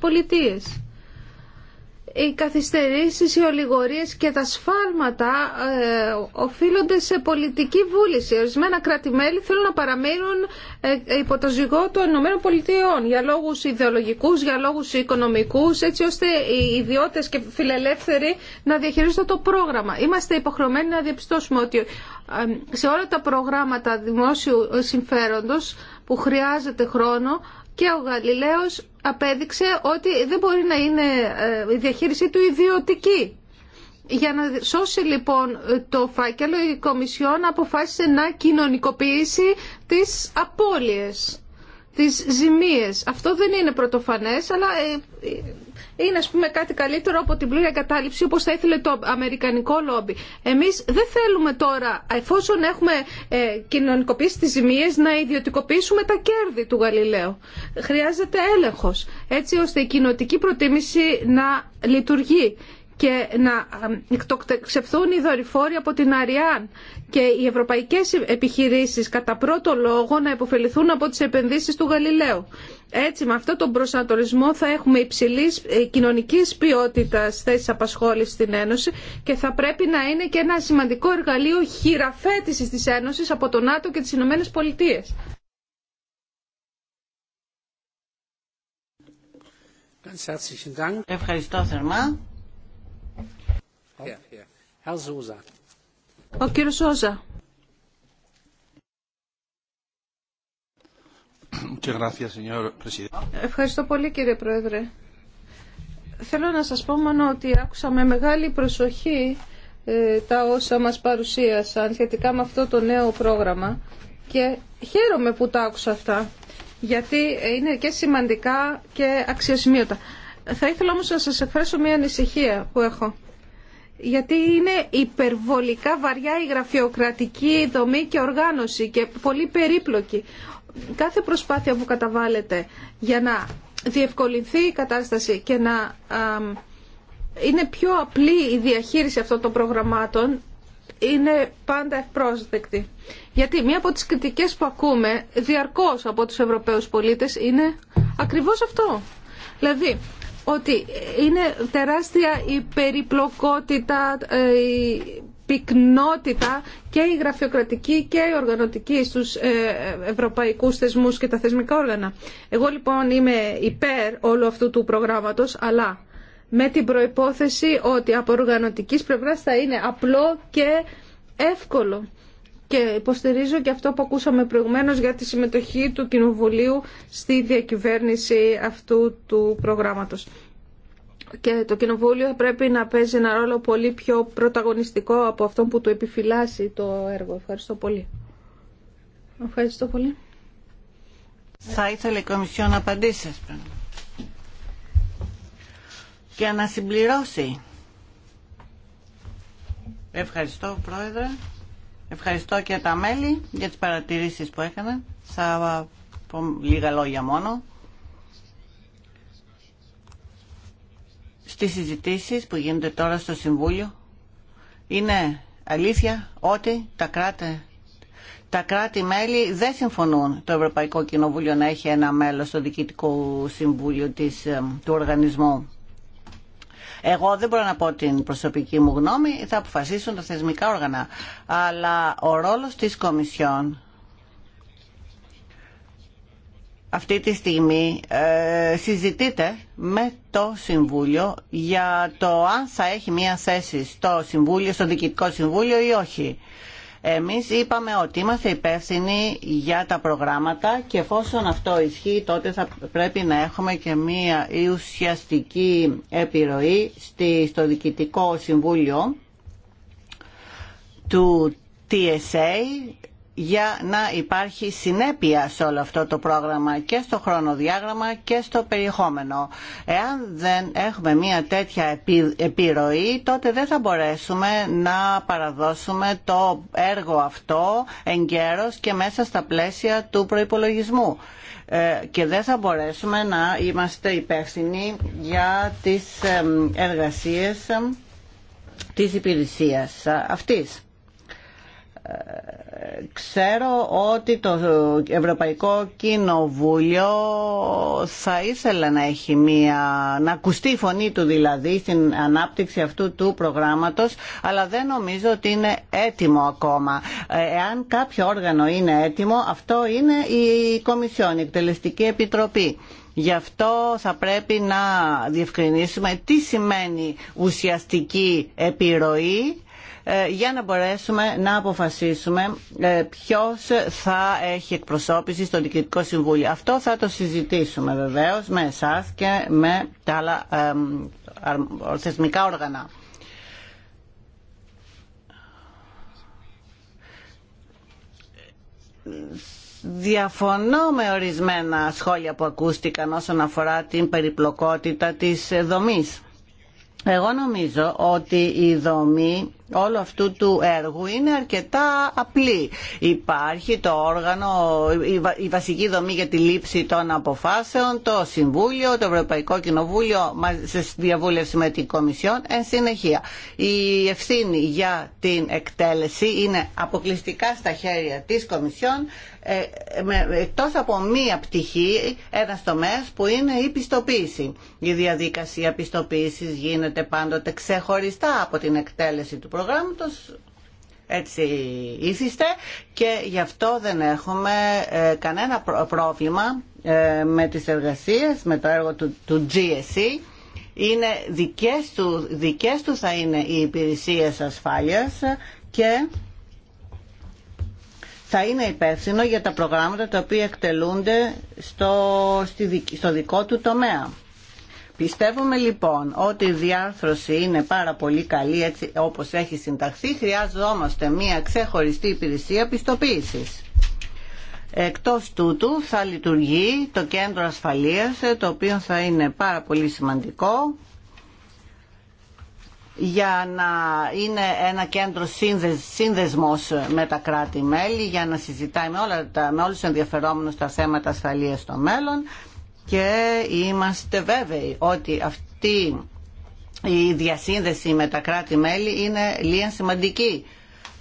οι καθυστερήσεις, οι ολιγορίες και τα σφάλματα ε, οφείλονται σε πολιτική βούληση. Ορισμένα θέλουν να παραμείνουν ε, υπό το ζυγό των ΗΠΑ για λόγους ιδεολογικούς, για λόγους οικονομικούς, έτσι ώστε οι ιδιώτες και φιλελεύθεροι να διαχειρίζονται το πρόγραμμα. Είμαστε υποχρεωμένοι να διαπιστώσουμε ότι ε, σε όλα τα προγράμματα δημόσιου συμφέροντος που χρειάζεται χρόνο και ο Γαλιλαίος απέδειξε ότι δεν μπορεί να είναι ε, η διαχείρισή του ιδιωτική. Για να σώσει λοιπόν το φάκελο η Κομισιόν αποφάσισε να κοινωνικοποιήσει τις απώλειες, τις ζημίες. Αυτό δεν είναι πρωτοφανές αλλά ε, ε, είναι ας πούμε κάτι καλύτερο από την πλήρη εγκατάλειψη όπως θα ήθελε το αμερικανικό λόμπι. Εμείς δεν θέλουμε τώρα, εφόσον έχουμε ε, κοινωνικοποιήσει τις ζημίες, να ιδιωτικοποιήσουμε τα κέρδη του Γαλιλαίου. Χρειάζεται έλεγχος, έτσι ώστε η κοινωτικη προτίμηση να λειτουργεί και να ε, εκτοξευθούν οι δορυφόροι από την Αριάν και οι ευρωπαϊκές επιχειρήσεις κατά πρώτο λόγο να υποφεληθούν από τις επενδύσεις του Γαλιλαίου. Έτσι, με αυτόν τον προσανατολισμό θα έχουμε υψηλή ε, κοινωνική ποιότητα θέσει απασχόληση στην Ένωση και θα πρέπει να είναι και ένα σημαντικό εργαλείο χειραφέτηση τη Ένωση από το ΝΑΤΟ και τι Ηνωμένε Πολιτείε. Ευχαριστώ θερμά. Ο Σόζα. Ευχαριστώ πολύ κύριε Πρόεδρε. Θέλω να σας πω μόνο ότι άκουσα με μεγάλη προσοχή ε, τα όσα μας παρουσίασαν σχετικά με αυτό το νέο πρόγραμμα και χαίρομαι που τα άκουσα αυτά γιατί είναι και σημαντικά και αξιοσημείωτα. Θα ήθελα όμως να σας εκφράσω μια ανησυχία που έχω γιατί είναι υπερβολικά βαριά η γραφειοκρατική δομή και οργάνωση και πολύ περίπλοκη κάθε προσπάθεια που καταβάλλεται για να διευκολυνθεί η κατάσταση και να είναι πιο απλή η διαχείριση αυτών των προγραμμάτων είναι πάντα ευπρόσδεκτη. Γιατί μία από τις κριτικές που ακούμε διαρκώς από τους Ευρωπαίους πολίτες είναι ακριβώς αυτό. Δηλαδή, ότι είναι τεράστια η περιπλοκότητα, ε, πυκνότητα και η γραφειοκρατική και η οργανωτική στους ε, ευρωπαϊκούς θεσμούς και τα θεσμικά όργανα. Εγώ λοιπόν είμαι υπέρ όλου αυτού του προγράμματος, αλλά με την προϋπόθεση ότι από οργανωτικής πλευράς θα είναι απλό και εύκολο. Και υποστηρίζω και αυτό που ακούσαμε προηγουμένως για τη συμμετοχή του Κοινοβουλίου στη διακυβέρνηση αυτού του προγράμματος και το Κοινοβούλιο πρέπει να παίζει ένα ρόλο πολύ πιο πρωταγωνιστικό από αυτό που του επιφυλάσσει το έργο. Ευχαριστώ πολύ. Ευχαριστώ πολύ. Θα ήθελε η Κομισιόν να απαντήσει και να συμπληρώσει. Ευχαριστώ Πρόεδρε. Ευχαριστώ και τα μέλη για τις παρατηρήσεις που έκαναν. Θα πω λίγα λόγια μόνο. στις συζητήσεις που γίνονται τώρα στο Συμβούλιο είναι αλήθεια ότι τα κράτη, τα κράτη-μέλη δεν συμφωνούν το Ευρωπαϊκό Κοινοβούλιο να έχει ένα μέλος στο Διοικητικό Συμβούλιο της, ε, του οργανισμού. Εγώ δεν μπορώ να πω την προσωπική μου γνώμη, θα αποφασίσουν τα θεσμικά όργανα. Αλλά ο ρόλος της Κομισιόν αυτή τη στιγμή ε, με το Συμβούλιο για το αν θα έχει μία θέση στο Συμβούλιο, στο Διοικητικό Συμβούλιο ή όχι. Εμείς είπαμε ότι είμαστε υπεύθυνοι για τα προγράμματα και εφόσον αυτό ισχύει τότε θα πρέπει να έχουμε και μία ουσιαστική επιρροή στη, στο Διοικητικό Συμβούλιο του TSA για να υπάρχει συνέπεια σε όλο αυτό το πρόγραμμα και στο χρονοδιάγραμμα και στο περιεχόμενο. Εάν δεν έχουμε μια τέτοια επιρροή, τότε δεν θα μπορέσουμε να παραδώσουμε το έργο αυτό εγκαίρως και μέσα στα πλαίσια του προϋπολογισμού ε, και δεν θα μπορέσουμε να είμαστε υπεύθυνοι για τις εργασίες της υπηρεσίας αυτής ξέρω ότι το Ευρωπαϊκό Κοινοβούλιο θα ήθελε να έχει μία, να ακουστεί η φωνή του δηλαδή στην ανάπτυξη αυτού του προγράμματος, αλλά δεν νομίζω ότι είναι έτοιμο ακόμα. Εάν κάποιο όργανο είναι έτοιμο, αυτό είναι η Κομισιόν, η Εκτελεστική Επιτροπή. Γι' αυτό θα πρέπει να διευκρινίσουμε τι σημαίνει ουσιαστική επιρροή ε, για να μπορέσουμε να αποφασίσουμε ε, ποιος θα έχει εκπροσώπηση στο Διοικητικό Συμβούλιο. Αυτό θα το συζητήσουμε βεβαίως με εσάς και με τα άλλα θεσμικά όργανα. Διαφωνώ με ορισμένα σχόλια που ακούστηκαν όσον αφορά την περιπλοκότητα της δομής. Εγώ νομίζω ότι η δομή όλου αυτού του έργου είναι αρκετά απλή. Υπάρχει το όργανο, η βασική δομή για τη λήψη των αποφάσεων, το Συμβούλιο, το Ευρωπαϊκό Κοινοβούλιο σε διαβούλευση με την Κομισιόν. Εν συνεχεία, η ευθύνη για την εκτέλεση είναι αποκλειστικά στα χέρια της Κομισιόν ε, ε, εκτός από μία πτυχή, ένας τομέα που είναι η πιστοποίηση. Η διαδικασία πιστοποίησης γίνεται πάντοτε ξεχωριστά από την εκτέλεση του προγράμματος προγράμματος έτσι ήθιστε και γι' αυτό δεν έχουμε ε, κανένα πρόβλημα ε, με τις εργασίες, με το έργο του, του GSE. Είναι δικές του, δικές του θα είναι οι υπηρεσίες ασφάλειας και θα είναι υπεύθυνο για τα προγράμματα τα οποία εκτελούνται στο, στο δικό του τομέα. Πιστεύουμε λοιπόν ότι η διάρθρωση είναι πάρα πολύ καλή έτσι όπως έχει συνταχθεί. Χρειάζομαστε μια ξεχωριστή υπηρεσία πιστοποίησης. Εκτός τούτου θα λειτουργεί το κέντρο ασφαλείας το οποίο θα είναι πάρα πολύ σημαντικό για να είναι ένα κέντρο σύνδεσμος με τα κράτη-μέλη για να συζητάει με, όλα τα, με όλους ενδιαφερόμενους τα θέματα ασφαλείας στο μέλλον και είμαστε βέβαιοι ότι αυτή η διασύνδεση με τα κράτη-μέλη είναι λίγα σημαντική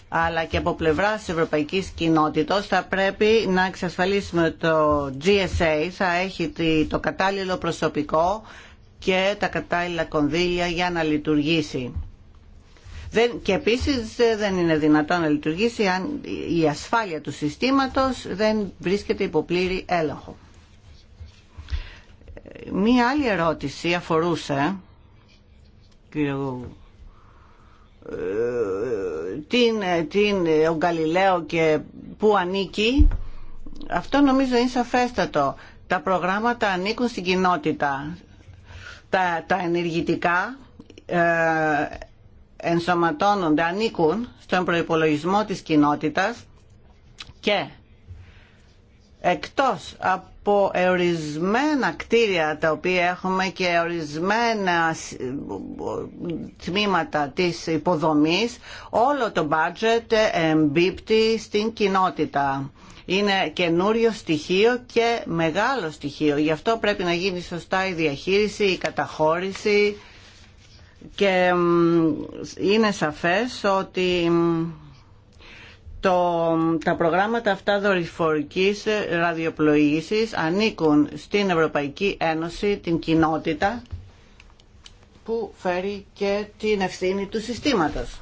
αλλά και από πλευρά τη ευρωπαϊκή κοινότητα θα πρέπει να εξασφαλίσουμε το GSA θα έχει το κατάλληλο προσωπικό και τα κατάλληλα κονδύλια για να λειτουργήσει. Δεν, και επίσης δεν είναι δυνατόν να λειτουργήσει αν η ασφάλεια του συστήματος δεν βρίσκεται υπό πλήρη έλεγχο μία άλλη ερώτηση αφορούσε κύριο, ε, την, την, ε, και που ανήκει αυτό νομίζω είναι σαφέστατο τα προγράμματα ανήκουν στην κοινότητα τα, τα ενεργητικά ε, ενσωματώνονται, ανήκουν στον προϋπολογισμό της κοινότητας και εκτός από από ορισμένα κτίρια τα οποία έχουμε και ορισμένα τμήματα της υποδομής όλο το budget εμπίπτει στην κοινότητα. Είναι καινούριο στοιχείο και μεγάλο στοιχείο. Γι' αυτό πρέπει να γίνει σωστά η διαχείριση, η καταχώρηση και είναι σαφές ότι τα προγράμματα αυτά δορυφορικής ραδιοπλοήγησης ανήκουν στην Ευρωπαϊκή Ένωση, την κοινότητα που φέρει και την ευθύνη του συστήματος.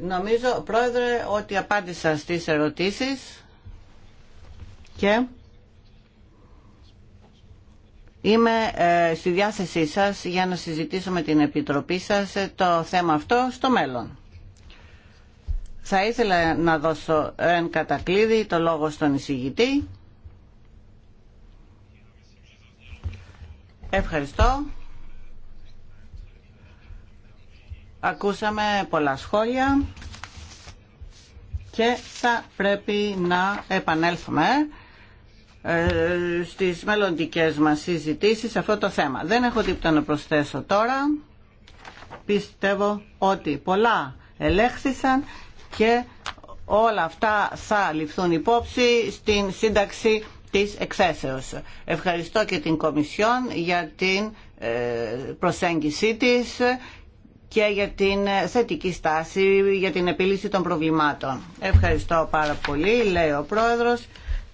Νομίζω, Πρόεδρε, ότι απάντησα στις ερωτήσεις και... Είμαι ε, στη διάθεσή σας για να συζητήσω με την Επιτροπή σας ε, το θέμα αυτό στο μέλλον. Θα ήθελα να δώσω εν κατακλείδη το λόγο στον εισηγητή. Ευχαριστώ. Ακούσαμε πολλά σχόλια και θα πρέπει να επανέλθουμε ε, στις μελλοντικές μας συζητήσεις σε αυτό το θέμα. Δεν έχω τίποτα να προσθέσω τώρα. Πιστεύω ότι πολλά ελέγχθησαν και όλα αυτά θα ληφθούν υπόψη στην σύνταξη της εξέσεως. Ευχαριστώ και την Κομισιόν για την ε, προσέγγιση της και για την θετική στάση για την επίλυση των προβλημάτων. Ευχαριστώ πάρα πολύ, λέει ο Πρόεδρος.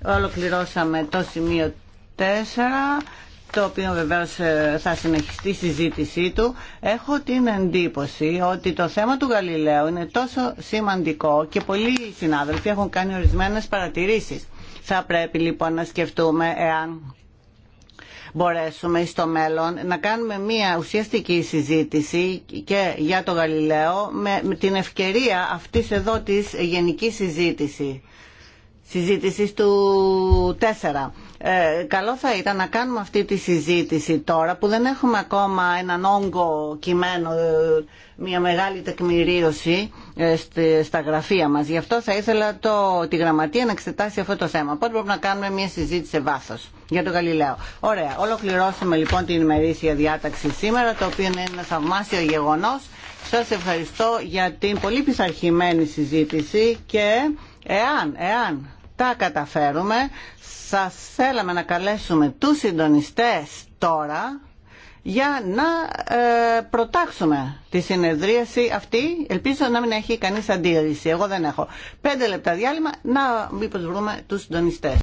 Ολοκληρώσαμε το σημείο 4 το οποίο βεβαίως ε, θα συνεχιστεί η συζήτησή του, έχω την εντύπωση ότι το θέμα του Γαλιλαίου είναι τόσο σημαντικό και πολλοί συνάδελφοι έχουν κάνει ορισμένες παρατηρήσεις. Θα πρέπει λοιπόν να σκεφτούμε εάν μπορέσουμε στο μέλλον να κάνουμε μια ουσιαστική συζήτηση και για το Γαλιλαίο με την ευκαιρία αυτής εδώ της γενικής συζήτησης Συζήτηση του 4. Ε, καλό θα ήταν να κάνουμε αυτή τη συζήτηση τώρα που δεν έχουμε ακόμα έναν όγκο κειμένο, ε, μια μεγάλη τεκμηρίωση ε, στα γραφεία μας. Γι' αυτό θα ήθελα το, τη γραμματεία να εξετάσει αυτό το θέμα. Πότε πρέπει να κάνουμε μια συζήτηση σε βάθος για τον Γαλιλαίο. Ωραία, ολοκληρώσαμε λοιπόν την ημερήσια διάταξη σήμερα, το οποίο είναι ένα θαυμάσιο γεγονός. Σας ευχαριστώ για την πολύ πειθαρχημένη συζήτηση και εάν, εάν τα καταφέρουμε. Σας θέλαμε να καλέσουμε τους συντονιστές τώρα για να ε, προτάξουμε τη συνεδρίαση αυτή. Ελπίζω να μην έχει κανείς αντίρρηση. Εγώ δεν έχω. Πέντε λεπτά διάλειμμα να μήπως βρούμε τους συντονιστές.